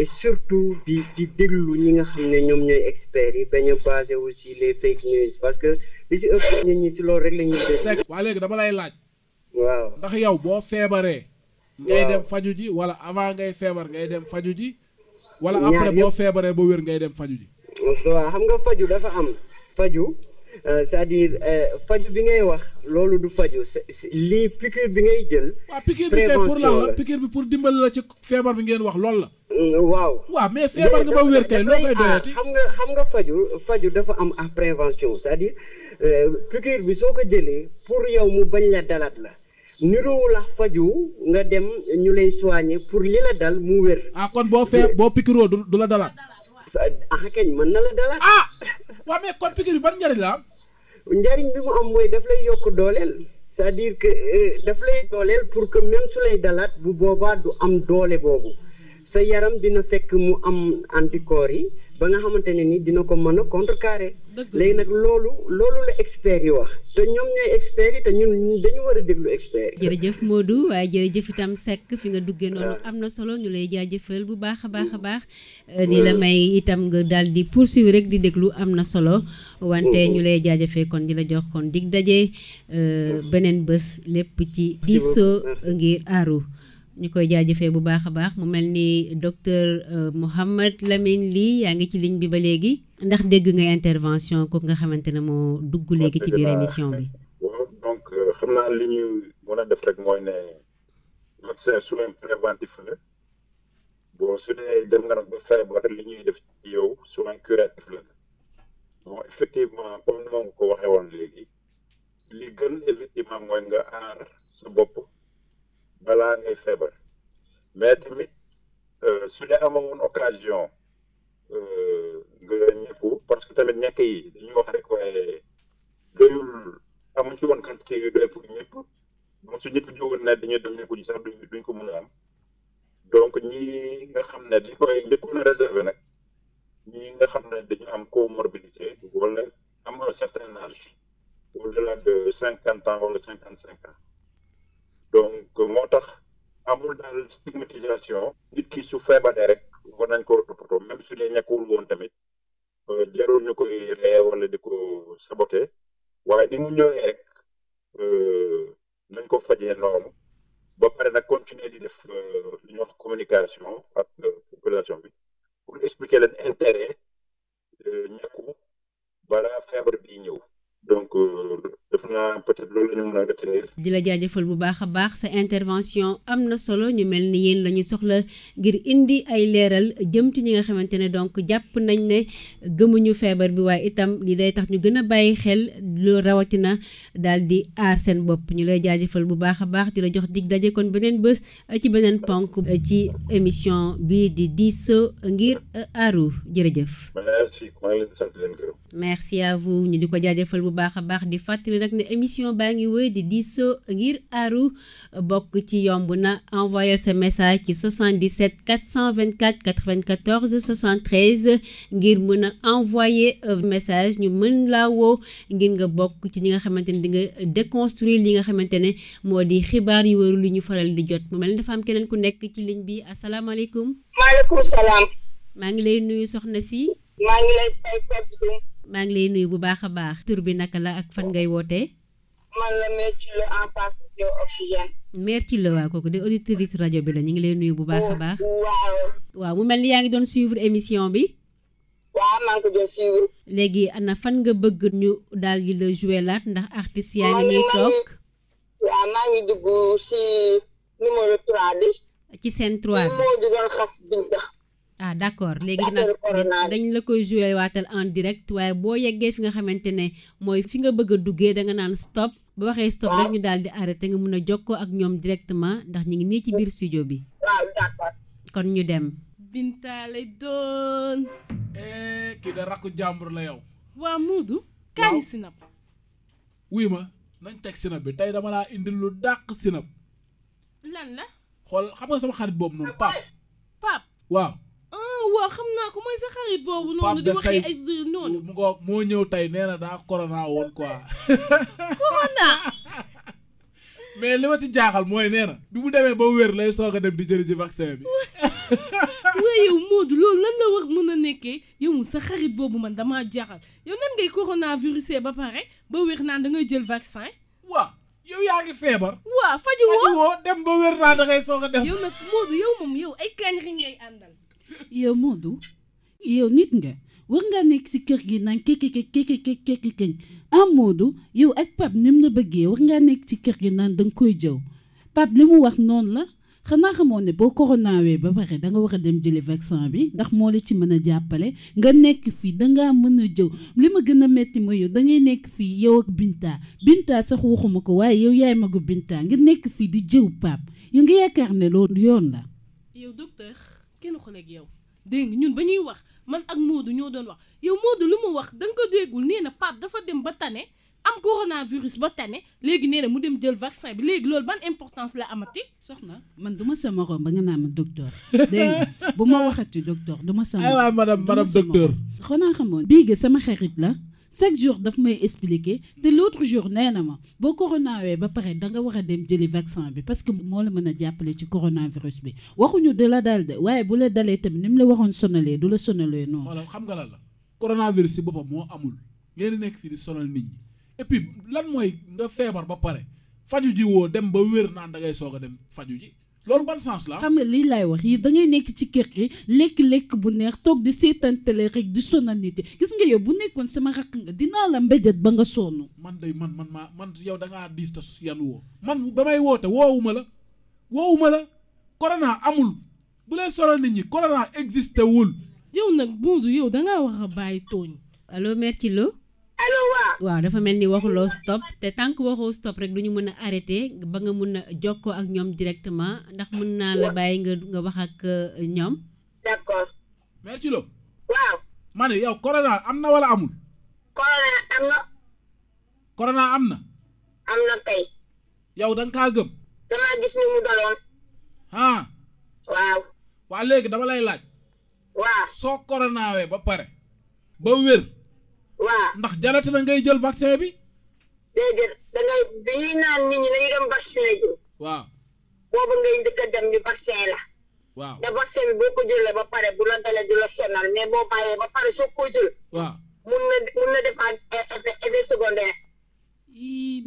et surtout di di déglu ñi nga xam ne ñoom ñooy experts yi bañ a basé wu ci les fake news parce que li si ëpp nit ñi si loolu rek la ñuy dégg. waa léegi dama lay laaj. waaw ndax yow boo feebaree. ngay dem faju ji wala avant ngay feebar ngay dem faju ji. wala après boo feebaree ba wér ngay dem faju ji waaw xam nga faju dafa am faju euh, cest à euh, faju bi ngay wax loolu du faju lii piqûre bi ngay jël waaw piqûre bi pour dimbal la ci feebar bi ngeen wax loolu la mm, waaw waaw mais feebar nga ba wér kay loo koy doyati ah, xam nga xam nga faju faju dafa am ah prévention c'est-à-dire euh, piqûre bi soo ko jëlee pour yow mu bañ la dalat la niruwula faju nga dem ñu lay soigné pour li la dal mu wér. ah kon boo fee boo pikiroo du la dalaat. ah kañ mën na la dalaat. ah waaw mais kon pikir bi ban njariñ la am. njariñ bi mu am mooy daf lay yokk dooleel. c'est-à-dire que euh, daf lay dooleel pour que même su lay dalaat bu boobaa du am doole boobu sa yaram dina fekk mu am anticorps yi. ba xamante ne nii dina ko mën a contrecarrer léegi nag loolu loolu la experts yi wax te ñoom ñooy experts yi te ñun dañu war a déglu experts yi. jërëjëf Modou waaye jërëjëf itam Seck fi nga duggee noonu am na solo ñu lay jaajëfal bu baax a baax a mm. baax euh, di la mm. may itam nga daal di poursuivre rek di déglu am na solo wante mm-hmm. ñu lay jaajëfee kon di la jox kon dig daje euh, beneen bés lépp ci diisoo ngir aaru ñu koy jaajëfee bu baax a baax mu mel ni docteur euh, Mouhamed Lamine lii yaa ngi ci liñ bi ba léegi ndax dégg nga intervention kooku nga xamante ne moo dugg léegi ci biir émission bi. donc euh, xam naa li ñu mën a def rek mooy ne su dee dem nga nag ba feebar li ñuy def yow soin curatif la bon effectivement comme ni ma ko waxee woon léegi li gën effectivement mooy nga aar sa bopp. balaa ngay feebar mais tamit euh, su dee amoon occasion euh, nga ñekku parce que tamit ñekk yi dañuy wax rek waaye doyul amuñ ci woon quantité yu doy pour ñëpp moom su ñëpp jógoon ne dañuy dem ñekku ji sax duñ ko mën a am donc ñi nga xam ne di koy njëkkoon a réservé nag ñi nga xam ne dañu am ko comorbidité wala am un certain âge au-delà de cinquante ans wala cinquante cinq donc moo tax amul daal stigmatisation nit kii su feebaree rek war nañ ko toppatoo même su dee ñàkkul woon tamit euh, jarul ñu koy ree wala di ko sabote waaye ni mu ñëwee rek euh, nañ ko fajee noonu ba pare nag continuer di def euh, li ñuy wax communication ak population bi pour expliquer leen intérêt ñàkku balaa feebar bi ñëw Euh, di la jaajëfal bu baax a baax sa intervention am na solo ñu mel ni yéen la ñu soxla ngir indi ay leeral jëm ci ñi nga xamante ne donc jàpp nañ ne gëmuñu feebar bi waaye itam li day tax ñu gën a bàyyi xel lu rawatina daal di aar seen bopp ñu lay jaajëfal bu baax a baax di la jox dig daje kon beneen bés ci beneen ponk ci émission bii di diiso ngir aaru jërëjëf. baax a baax di fàttali rek ne émission baa ngi wéy di diisoo ngir aru bokk ci yomb na envoye sa message ci cent vingt 77 424 94 73 ngir mën a envoyé message ñu mën laa woo ngir nga bokk ci ñi nga xamante ne di nga déconstruire li nga xamante ne moo di xibaar yu wëru li ñu faral di jot mu mel ni dafa am keneen ku nekk ci ligne bi asalaamaaleykum. maaleykum maa ngi lay nuyu soxna si. maa ngi lay nuyu bu baax a baax tur bi naka la ak fan ngay woote man la Mère de Oxygène. Mère Thilo rajo bi la ñu ngi leen nuyu bu baax a baax. Oh, waaw. mu mel ni yaa ngi doon suivre émission bi. waaw maa ngi ko léegi ana fan nga bëgg ñu daal di la joué laat ndax artistes yaa ngi ñuy toog. waaw maa ngi dugg si numéro 3 bi. ci seen 3 ah d' accord ah, léegi nag dañ la koy joué waatal en direct waaye boo yeggee fi nga xamante ne mooy fi nga bëgg a duggee da nga naan stop ba waxee stop rek ñu daal di arrêté nga mun a jokkoo ak ñoom directement ndax ñu ngi nii ci biir studio bi. waaw dem. Binta eh, kii da jàmbur la yow. waa Moodu. kaay sinap. teg sinap bi tey dama laa lu dàq sinap. lan la. xool xam nga sama xarit boobu noonu Pape. Pape waaw. woo xam naa ko mooy sa xarit boobu noonu di waxee ay noonu mu ngoog moo ñëw tey nee na daa corona woon quoi *laughs* corona *laughs* mais li ma ci jaaxal mooy nee na bi mu demee ba wér lay soog a dem di jëri ji vaccin bi *laughs* waaye yow Modou loolu lan la war mën a nekkee yow sa xarit boobu man damaa jaaxal yow nan ngay coronavirusé ba pare ba wér naan da ngay jël vaccin waaw yow yaa ngi feebar waaw faju woo dem ba wér naa da ngay soog a dem yow nag Modou yow moom ay kaañ rek ngay àndal yow Modou yow nit nga war ngaa nekk ci kër gi naan kekeke kekeke kekeke ah yow ak pab ni mu la bëggee wax ngaa nekk ci kër gi naan da koy jëw Pape li mu wax noon la xanaa xamoon ne boo coronawee ba pare da nga war a dem jëli vaccin bi ndax moo la ci mën a jàppale nga nekk fii dangaa mën a jëw li ma gën a metti mooy yow da nekk fii yow ak Binta Binta sax waxuma ko waaye yow yaay magu Binta nga nekk fii di jëw pab yow ngi yaakaar ne loolu yoon la. kenn xuleeg yow dégg ñun ba ñuy wax man ak Modou ñoo doon wax yow Modou lu ma wax da nga déggul nee na Pape dafa dem ba tane am coronavirus ba tane léegi nee na mu dem jël vaccin bi léegi loolu ban importance la amati. soxna man du ma sa morom ba nga naan ma docteur dégg nga bu ma waxati docteur du ma sa morom. aywa madame madame docteur. xanaa xamoon bii gi sama xarit la. chaque jour daf may expliquer te l' jour nee na ma boo coronawee ba pare da nga war a dem jëli vaccin bi parce que moo la mën a jàppale ci coronavirus bi waxuñu de la daal de waaye bu la dalee tamit ni mu la waxoon sonalee du la sonalee noonu. voilà xam nga lan la coronavirus ci boppa moo amul ngeen nekk fii di sonal nit ñi et lan mooy nga feebar ba pare faju ji woo dem ba wér naan da ngay soog a dem faju ji. loolu ban sens la xam nga lii laay wax yii dangay nekk ci kër gi lekk-lekk bu neex toog di seetantale rek di sonal nit yi gis nga yow bu nekkoon sama rakk nga dinaa la mbéjat ba nga sonn man day man man maa man yow da ngaa diis te yan woo man ba may woote woowuma la woowuma la corona amul bu leen sonal nit ñi corona existé wul yow nag Moodu yow dangaa wax a bàyyi tooñ allo merci Lo allo waaw. dafa mel ni waxuloo stop te tànk que waxoo stop rek du ñu mën a arrêté ba nga mun a jokkoo ak ñoom directement ndax mën naa la bàyyi nga nga wax ak euh, ñoom. d'accord. mère Thilo. waaw. ma ne yow corona am na wala amul. corona am na. am na. am na kay. yow kaa gëm. damaa gis ni mu doloon. ah. waaw. waa léegi dama lay laaj. waaw soo coronawee ba pare ba wér. waaw ndax jarati na ngay jël vaccin bi. déedéet da ngay bi ñuy naan nit ñi nañu dem vacciner ji. waaw boobu ngay njëkk a dem ñu vaccin la. waaw da vaccin bi boo ko jëlee ba pare bu la dalee du la sonal mais boo bàyyee ba pare soo ko jël. waaw mun na mun na defaat effet e-, effet secondaire.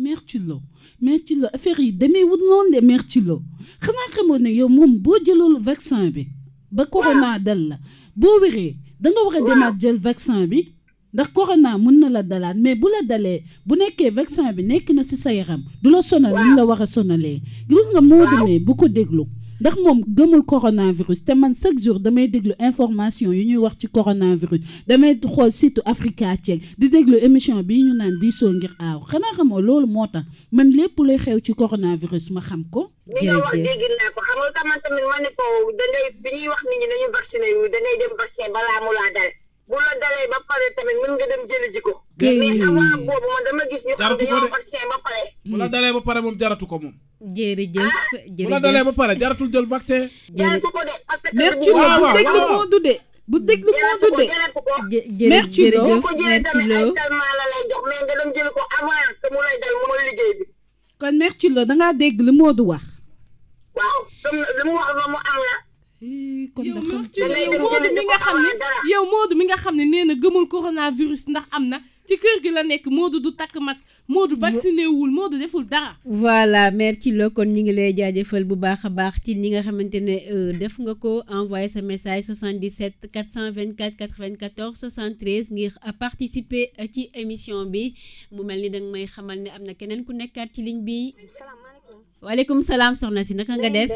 mer ci lo mer ci lo affaire yi demee wut noonu de mer ci lo xanaa xamoon ne yow moom boo jëlul vaccin bi. ba corona dal la boo wéree da nga war a demaat jël vaccin bi. ndax corona mën na la dalaat mais bu la dalee bu nekkee vaccin bi nekk na ci sa yaram du la sonal ni nga war a sonalee gis nga moo demee bu ko déglu ndax moom gëmul coronavirus te man chaque jour damay déglu information yu ñuy wax ci coronavirus damay xool site Africa Check di déglu émission bii ñu naan diisoo ngir aaw xanaa xamoo loolu moo tax man lépp luy xew ci coronavirus ma xam ko. li nga wax dégg naa xam ne ko dangay yu dangay dem vaccin balaa bu la dalee ba pare tamit nga dem jëli ji ko. mais avant boobu man dama gis ñu xam dañoo ba pare. jaratu ko moom. jërëjëf jërëjëf ah. bu ba pare jaratul jël vaccin. jaratu ko de parce que. waaw waaw déglu moo bu déglu moo dundee ko jaratu ko. boo ko jëlee tamit ay calmant la nga dem jëli ko avant que mu lay dal mooy liggéey da ngaa dégg li Modou wax. waaw comme mu wax ba mu am la. kon yow Moodu mi nga xam ne yow ne na gëmul coronavirus ndax am na ci kër gi la nekk Moodu du takk masque Moodu vacciné wul Moodu deful dara. voilà merci lo kon ñu ngi lay jaajëfal bu baax a baax ci ñi nga xamante ne euh, def nga ko envoyé sa message 77 424 94 73 ngir participer euh, ci émission bi mu mel ni danga may xamal ne am na keneen ku nekkaat ci ligne bi. waaleykum salaam soxna si naka nga def.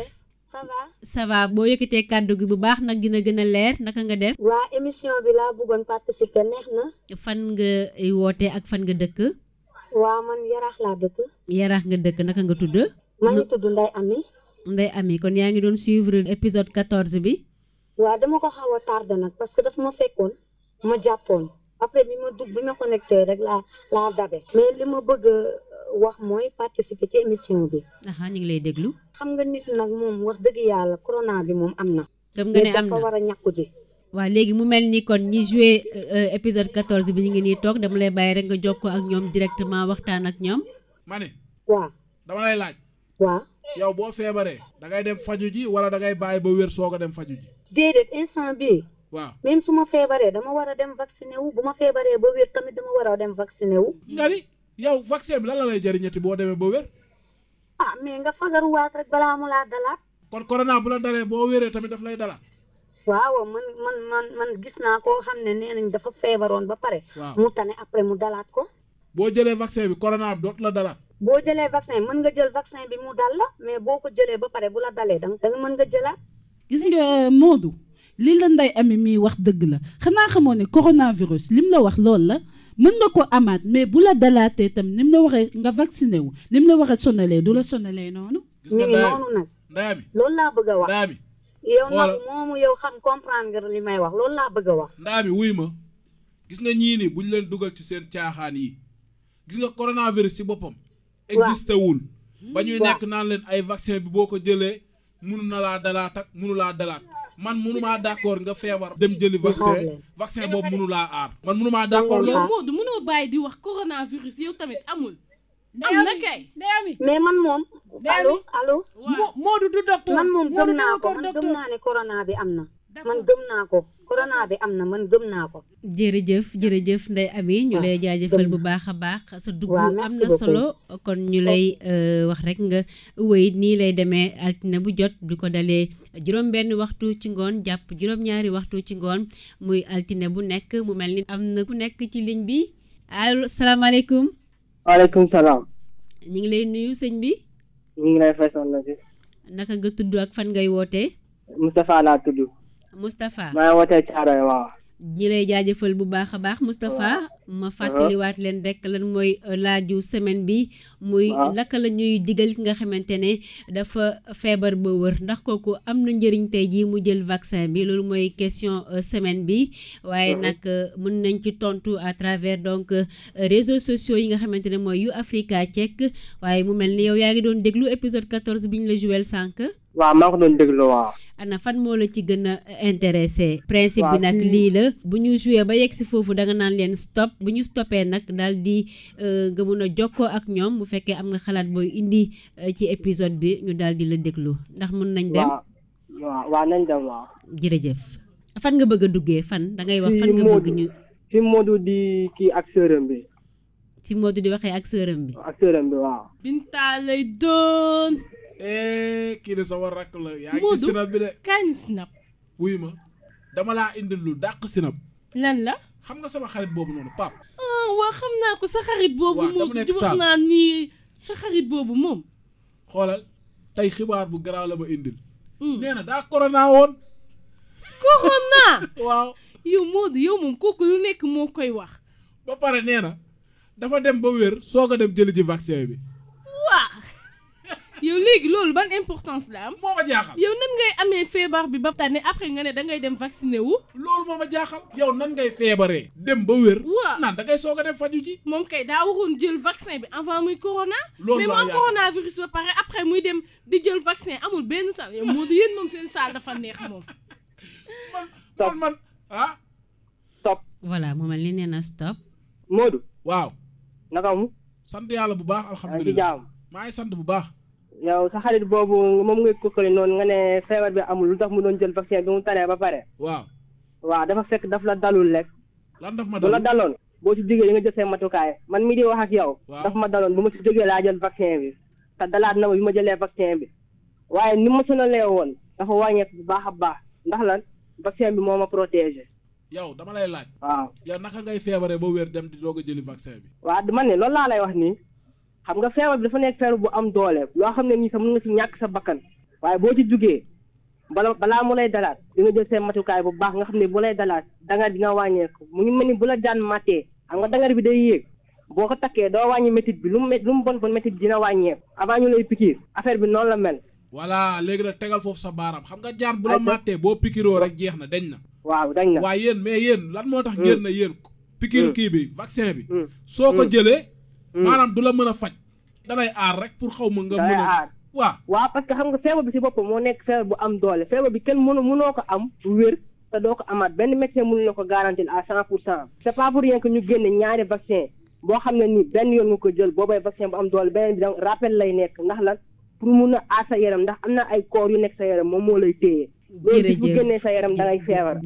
ça va. ça va boo yëkkatee kàddu gi bu baax nag dina gën a leer naka nga def. waa émission bi laa bëggoon participer neex na. fan nga woote ak fan nga dëkk. waa man yaraax laa dëkk. yaraax nga dëkk naka nga tudd. maa ngi tudd Ndeye Amy. Ndeye Amy kon yaa ngi doon suivre épisode 14 bi. waa dama ko xaw a tardé nag parce que dafa ma fekkoon ma jàppoon après bi ma dugg bi ma connecté rek laa laa dabe mais li ma bëgg. wax mooy participer ci émission bi. ñu ngi lay déglu. xam nga nit nag moom wax dëgg yàlla corona bi moom am na. gëm nga ne am na dafa war a ñàkku ji. mu mel ni kon ñi joué euh, épisode 14 bi ñu ngi nii toog dama lay bàyyi rek nga jokkoo ak ñoom directement waxtaan ak ñoom. ma ne. waaw dama lay laaj. waaw. yow boo feebaree. da ngay dem faju ji wala da ngay bàyyi ba wér soog a dem faju ji. déedéet instant bii. waaw même su ma feebaree dama war a dem vacciné wu bu ma feebaree ba wér tamit dama war a dem vacciné wu. nga ni yow vaccin bi lan la lay jëriñati boo demee ba wér. ah mais nga fagaruwaat rek balaa mu laa dalaat. kon corona bu la dalee boo wéree tamit daf lay dalaat. waaw man man man man gis naa koo xam ne nee nañ dafa feebaroon ba pare. waaw mu tane après mu dalaat ko. boo jëlee vaccin bi corona bi dootu la dalaat. boo jëlee vaccin mën nga jël vaccin bi mu dal la mais boo ko jëlee ba pare bu la dalee da nga mën nga jëlaat. gis nga euh, moodu li la ndey Amy mii wax dëgg la xanaa xamoo ne coronavirus mu la wax loolu la. mën nga ko amaat mais bu la dalaatee tam nim mu la waxee nga vacciné wu ni la waxee sonnele du la sonalee noonu. gis nga noonu nag. ndaa bi loolu laa bëgg a wax. ndaa bi yow nag moomu yow wax loolu laa bëgg a wax. ndaa bi wuy ma gis nga ñii nii bu ñu leen dugal ci seen caaxaan yi gis nga coronavirus ci boppam. existé wul. ba ñuy nekk naan leen ay vaccin bi boo ko jëlee mënu na laa dalaat ak mënu laa dalaat. man mënumaa d'accord nga feebar dem jëli vaccin vaccin boobu mënu laa aar man mënumaa d'accord loolu moo du mënoo bàyyi di wax coronavirus yow tamit amul am na kay day mais man moom allo allo Modou du docteur man moom gëm naa ko man gëm naa ne corona bi am na man gëm naa ko corona bi am na man gëm naa ko. jërëjëf jërëjëf Ndeye Amy ñu ah, lay jaajëfal bu baax a baax sa dugg am na solo kon ñu lay euh, wax rek nga wéy nii lay demee altine bu jot du ko dalee juróom benn waxtu ci ngoon jàpp juróom ñaari waxtu ci ngoon muy altine bu nekk mu mel ni am na ku nekk ci ligne bi allo salaamaaleykum. waaleykum salaam. ñu ngi lay nuyu sëñ bi. ñu ngi lay fay soxna si. naka nga tudd ak fan ngay wootee. Moustapha laa tudd. Moustapha maa ñi lay jaajëfal bu baax a baax Moustapha ma uh-huh. fàttaliwaat leen rek lan mooy euh, laaju semaine bi muy naka la ñuy digal ki nga xamante ne dafa feebar ba wër ndax kooku am na njëriñ tey jii mu jël vaccin bi loolu mooy question euh, semaine bi waaye uh-huh. nag euh, mën nañ ci tontu à travers donc réseaux sociaux yi nga xamante ne mooy yu Africa Check waaye mu mel ni yow yaa ngi doon déglu épisode 14 bi ñu la jouel sànq waaw maa ko doon déglu waaw. ana fan moo la ci gën a intéressé. principe bi nag lii la. bu ñu joué ba yegg si foofu danga naan leen stop bu ñu stopee nag daal di euh, nga mun a jokkoo ak ñoom bu fekkee am nga xalaat booy indi euh, ci épisode bi ñu daal di la déglu ndax mun nañ dem. waaw waaw nañ dem waaw. jërëjëf fan nga bëgg a duggee fan. da ngay wax fan nga bëgg ñu. fi Modou di kii ak sërëm bi. fi Modou di waxee ak sërëm bi. ak lay doon. Eh, kii de sama rakk la. yaa ngi ci sinap wuy ma dama laa indil lu dàq sinap. lan la. xam nga sama xarit boobu noonu Pape. Ah, waa xam naa ko sa xarit boobu. moom di wax naa nii sa xarit boobu moom. xoolal tey xibaar bu garaaw la ma indil. Hmm. nee na daa corona woon. corona. *laughs* waaw yow Modou yow moom kooku lu nekk moo koy wax. ba pare nee na dafa dem ba wér soog a dem jëli ji vaccin bi. waa yow léegi loolu ban importance la am. moo ma jaaxal yow nan ngay amee feebar bi ba tane après nga ne da ngay dem vacciné wu. loolu moo ma jaaxal. yow nan ngay feebaree. dem ba wér. waaw naa da ngay soog a dem faju ji. moom kay daa waroon jël vaccin bi avant muy corona. loolu mais moom coronavirus ba après muy dem di jël vaccin amul benn saal yow moo di yéen moom seen saal dafa neex moom. man man man ah. stop. voilà moom li nee na stop. Modou. waaw. naka mu. sant yàlla bu baax alhamdulilah maa ngi sant bu baax. yow sa xarit boobu moom ko kokkali noonu nga ne feebar bi amul lu tax mu doon jël vaccin bi mu taree ba pare. waaw waaw dafa fekk daf la dalul rek. lan daf ma dalul bu la daloon boo ci jógee di nga jël seen matukaay man mi di wax ak yow. daf ma daloon bu ma ci jógee laa jël bi. te dalaat na ma bi ma jëlee vaccin bi waaye ni ma sonalee woon dafa wàññeeku bu baax a baax ndax lan vaccin bi moom ma protégé. yow dama lay laaj. waaw yow naka ngay feebaree ba wér dem di doog a jëli vaccin bi. waaw man ne loolu laa lay wax nii. xam nga feebar bi dafa nekk feebar bu am doole loo xam ne nii sax mën nga si ñàkk sa bakkan waaye boo ci jugee bala balaa mu lay dalaat di nga jël seen matukaay bu baax nga xam ne bu lay dalaat dangar dina wàññeeku mu ngi mel ni bu la jaan màttee xam nga dangar bi day boo ko takkee doo wàññi métit lu mu lu mu bon bon métit dina wàññeeku avant ñu lay pikiir affaire bi noonu la mel. voilà léegi nag tegal foofu sa baaraam xam nga jaan bu la màttee boo pikiroo rek jeex na dañ na. waaw dañ na waaye yéen mais yéen lan moo tax. Hmm. ngeen na yéen pikir hmm. kii bi vaccin bi. Hmm. soo ko jëlee Hmm. maanaam du la mën a faj danay aar rek pour xaw ma nga mën a aar waaw waaw parce que xam nga feebar bi si boppam moo nekk feebar bu am doole feebar bi kenn mënu mënoo ko am wér te doo ko amaat benn médecin mënu la ko garantir à cent pour cent c'est pas pour ñu génne ñaari vaccin boo xam ne nii benn yoon nga ko jël boo bay vaccin bu am doole beneen bi donc rappel lay nekk ndax la pour mun a aar sa yaram ndax am na ay corps yu nekk sa yaram moom moo lay téye jërëjëf bu génnee sa yaram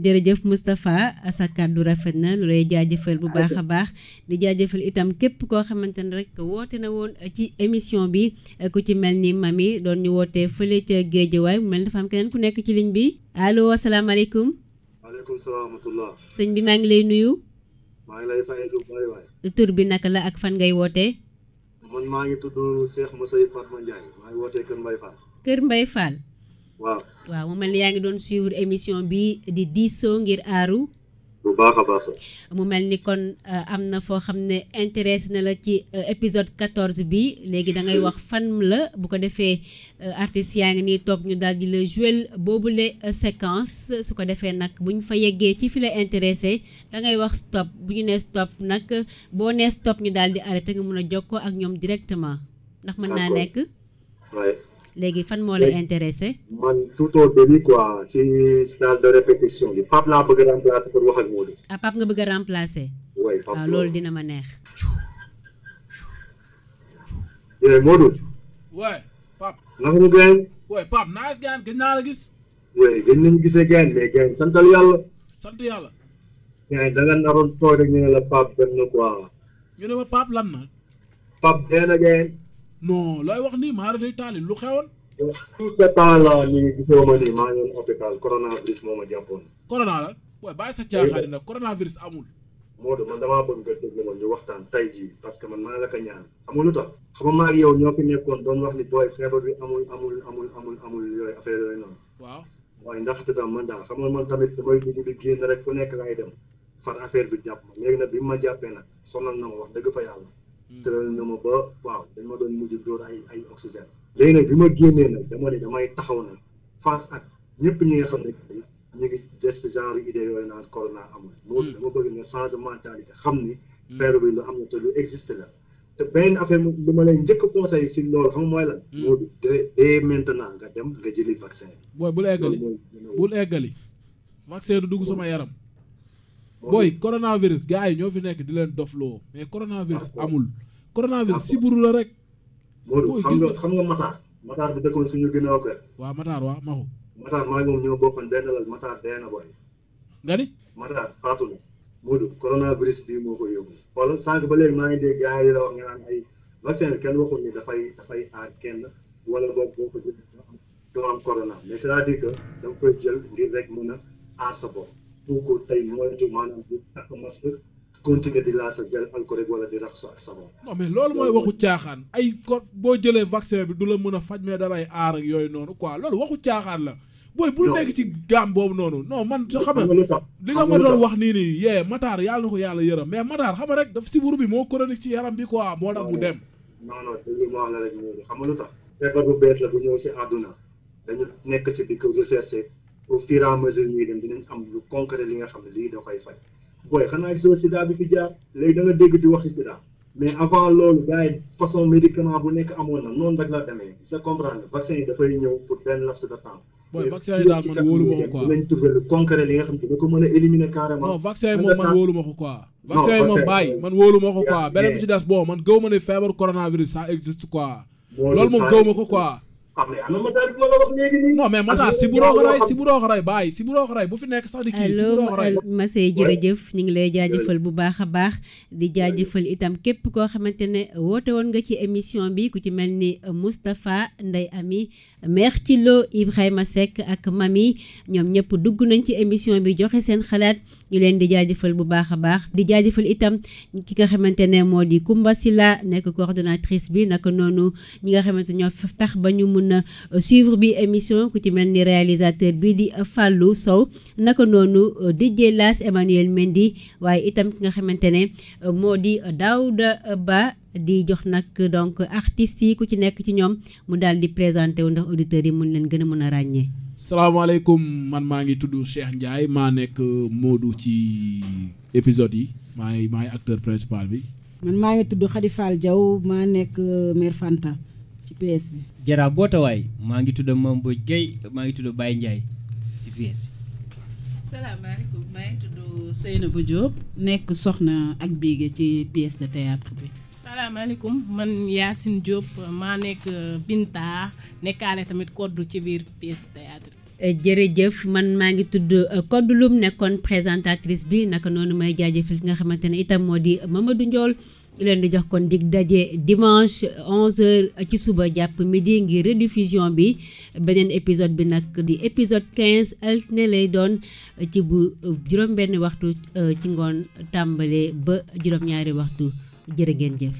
jërëjëf Moustapha sa kàddu rafet na lu lay jaajëfal bu baax a baax. di jaajëfal itam képp koo xamante ne rek woote na woon eh, ci émission bi eh, ku ci mel ni mami doon ñu wootee fële ca géejewaay mu mel ni dafa keneen ku nekk ci ligne bi allo asalaamaaleykum. maaleykum salaam bi maa ngi lay nuyu. maa tur bi naka la ak fan ngay wootee. man maa ngi tudd Cheikh Moussa Fatma Ndiaye maa ngi wootee Kër Mbaye Fall. Kër Mbaye Fall. waaw waaw mu mel ni yaa ngi doon suivre émission bi di diisoo ngir aaru. mu mel ni kon euh, am na foo xam ne intéressé na la ci euh, épisode 14 bi léegi da wax fan la bu ko defee euh, artistes yaa ngi nii toog ñu daal di la boobu boobule séquence su ko defee nag bu ñu fa yeggee ci fi la intéressé da ngay wax stop bu ñu nee stop nag boo nee stop ñu daal di arrêté nga mun a jokkoo ak ñoom directement ndax mën naa nekk. léegi fan moo la intéressé. man tout au début quoi ci salle de répétition bi Pape laa bëgg a remplacer pour wax ak Modou. ah Pape nga bëgg a remplacer. oui waaw ah, loolu dina ma neex. Eh, Modou. oui Pape. naka mu gën. oui naa la gis. oui gën nañu gisee gën mais gën santal yàlla. sant yàlla. mais eh, da nga naroon toog rek ñu ne la Pape benn quoi. ñu ne ma Pape lan na. Pape dee na non looy wax nii maa day taali lu xewoon. tout ce temps là ñu ngi gisoo ma nii maa ngi woon hôpital coronavirus moo ma jàppoon. corona la waaye bàyyi sa caaxaari nag coronavirus amul. Modou man damaa bëgg nga déglu ma ñu waxtaan tay jii parce que man maa la ko ñaan amul lu tax xam nga maa ñoo fi nekkoon doon wax ni booy feebar bi amul amul amul amul amul yooyu affaire yooyu noonu. waaw waaye ndax te daal man daal xam man tamit damay dugg di génn rek fu nekk laay dem far affaire bi jàpp ma léegi nag bi ma jàppee nag sonal na ma wax dëgg fa yàlla. Hmm. tëral na ma ba waaw dañ ma doon mujj dóor ay ay oxygène léegi nag bi ma génnee nag dama ne damay taxaw na face ak ñëpp ñi nga xam ne ñu ngi des genre idée yooyu naan corona amul hmm. moo dama bëgg nga changer mentalité xam ni hmm. feebar bi lu am na te lu existe la te benn affaire lu ma lay njëkk conseil si loolu xam mooy lan moo dee maintenant nga dem nga jëli vaccin bi booy bul eggali bul eggali vaccin du dugg sama yaram booy coronavirus gars yi ñoo fi nekk di leen dofloo mais coronavirus amul. coronavirus siburu la rek. Modou xam nga xam nga Matar. Matar bi dëkkoon suñu ginnaaw kër. waaw Matar waaw Maxu. Matar maa ngi moom ñoo bokkoon benn la Matar dee nga ni. Matar faatu na. Modou coronavirus bii moo ko yóbbu. xoolal sànq ba léegi maa ngi dégg gars yi la wax nga naan ay vaccin kenn waxul ni dafay dafay aar kenn wala boog boo ko jël doo am corona mais cest à a aar bëggoon tey moytu maanaam di takk di laasa gel alcoolique wala di raxasu ak mais loolu mooy waxu caaxaan ay ko boo jëlee vaccin bi du la mën a faj mais dalay aar yooyu noonu quoi loolu waxu caaxaan la. booy bul nekk ci gaam boobu noonu noo man sa xam nga li nga ma doon wax nii nii yee Matar yàlla na ko yàlla yërëm mais Matar xam nga rek daf siburu bi moo chronique ci yaram bi quoi moo tax dem rek xam nga lu tax feebar bu bees la bu ñëw si àdduna dañu nekk si di ko recherché au fur et à dem dinañ am lu concret li nga xam ne lii da koy faj booy xanaa gisoo bi fi jaar léegi da dégg di waxi sida mais avant loolu gars façon médicament bu nekk amoon na noonu rek la demee sa comprendre vaccin yi dafay ñëw pour benn laps de temps. booy vaccin yi daal man wóolu ko ko mën a éliminer carrément. non vaccin yi moom man wóolu ma ko bàyyi man wóolu ma ko quoi beneen bi des bon man gëw ma ne feebar coronavirus ça existe quoi. loolu moom gëw ma ko quoi. xam ne am na ma la wax bu rooxaray bàyyi si bu rooxaray bu fi nekk sax di kii si bu rooxaray jërëjëf ñu ngi lay jaajëfal bu baax a baax di jaajëfal itam képp koo xamante ne woote woon nga ci émission bi ku ci mel ni Moustapha Ndeye Ami Mère Thilo Ibrahima Seck ak Mami ñoom ñëpp dugg nañ ci émission bi joxe seen xalaat ñu leen di jaajëfal bu baax a baax di jaajëfal itam ki nga xamante ne moo di Koumba Silla nekk ko ordinatrice bi naka noonu ñi nga xamante ñoo tax ba ñu mun mun a suivre bi émission ku ci mel ni réalisateur bi di Fallou Sow naka noonu euh, DJ Las Emmanuel Mendy waaye itam ki nga xamante ne euh, moo di Daouda Ba di jox nag donc artistes yi ku ci nekk ci ñoom mu daal di présenté wu ndax auditeurs yi mun leen gën a mën a ràññee. salaamaaleykum man maa ngi tudd Cheikh Ndiaye maa nekk Modou ci épisode yi maay maay acteur principal bi. man maa ngi tudd Khady Fall maa nekk euh, Mère Fanta. ci PS bi. Jara bootawaay maa ngi tudd Mame Mbodj Guèye maa ngi tudd Baye Ndiaye si PS bi. salaamaaleykum maa ngi tudd Seynabou Diop nekk soxna ak biige ci pièce de théâtre bi. salaamaaleykum man Yacine Diop maa nekk Binta nekkaale tamit koddu ci biir pièce de théâtre. Eh, jërëjëf man maa ngi tudd koddu eh, lum nekkoon présentatrice bi naka noonu may jaajëfal ki nga xamante ne itam moo di Mamadou Ndiol. ñu leen di jox kon dig daje dimanche 11 ci suba jàpp midi ngir rediffusion bi beneen épisode bi nag di épisode 15 altine lay doon ci bu juróom-benn waxtu euh, ci ngoon tàmbale ba juróom-ñaari waxtu jërë ngeen jëf.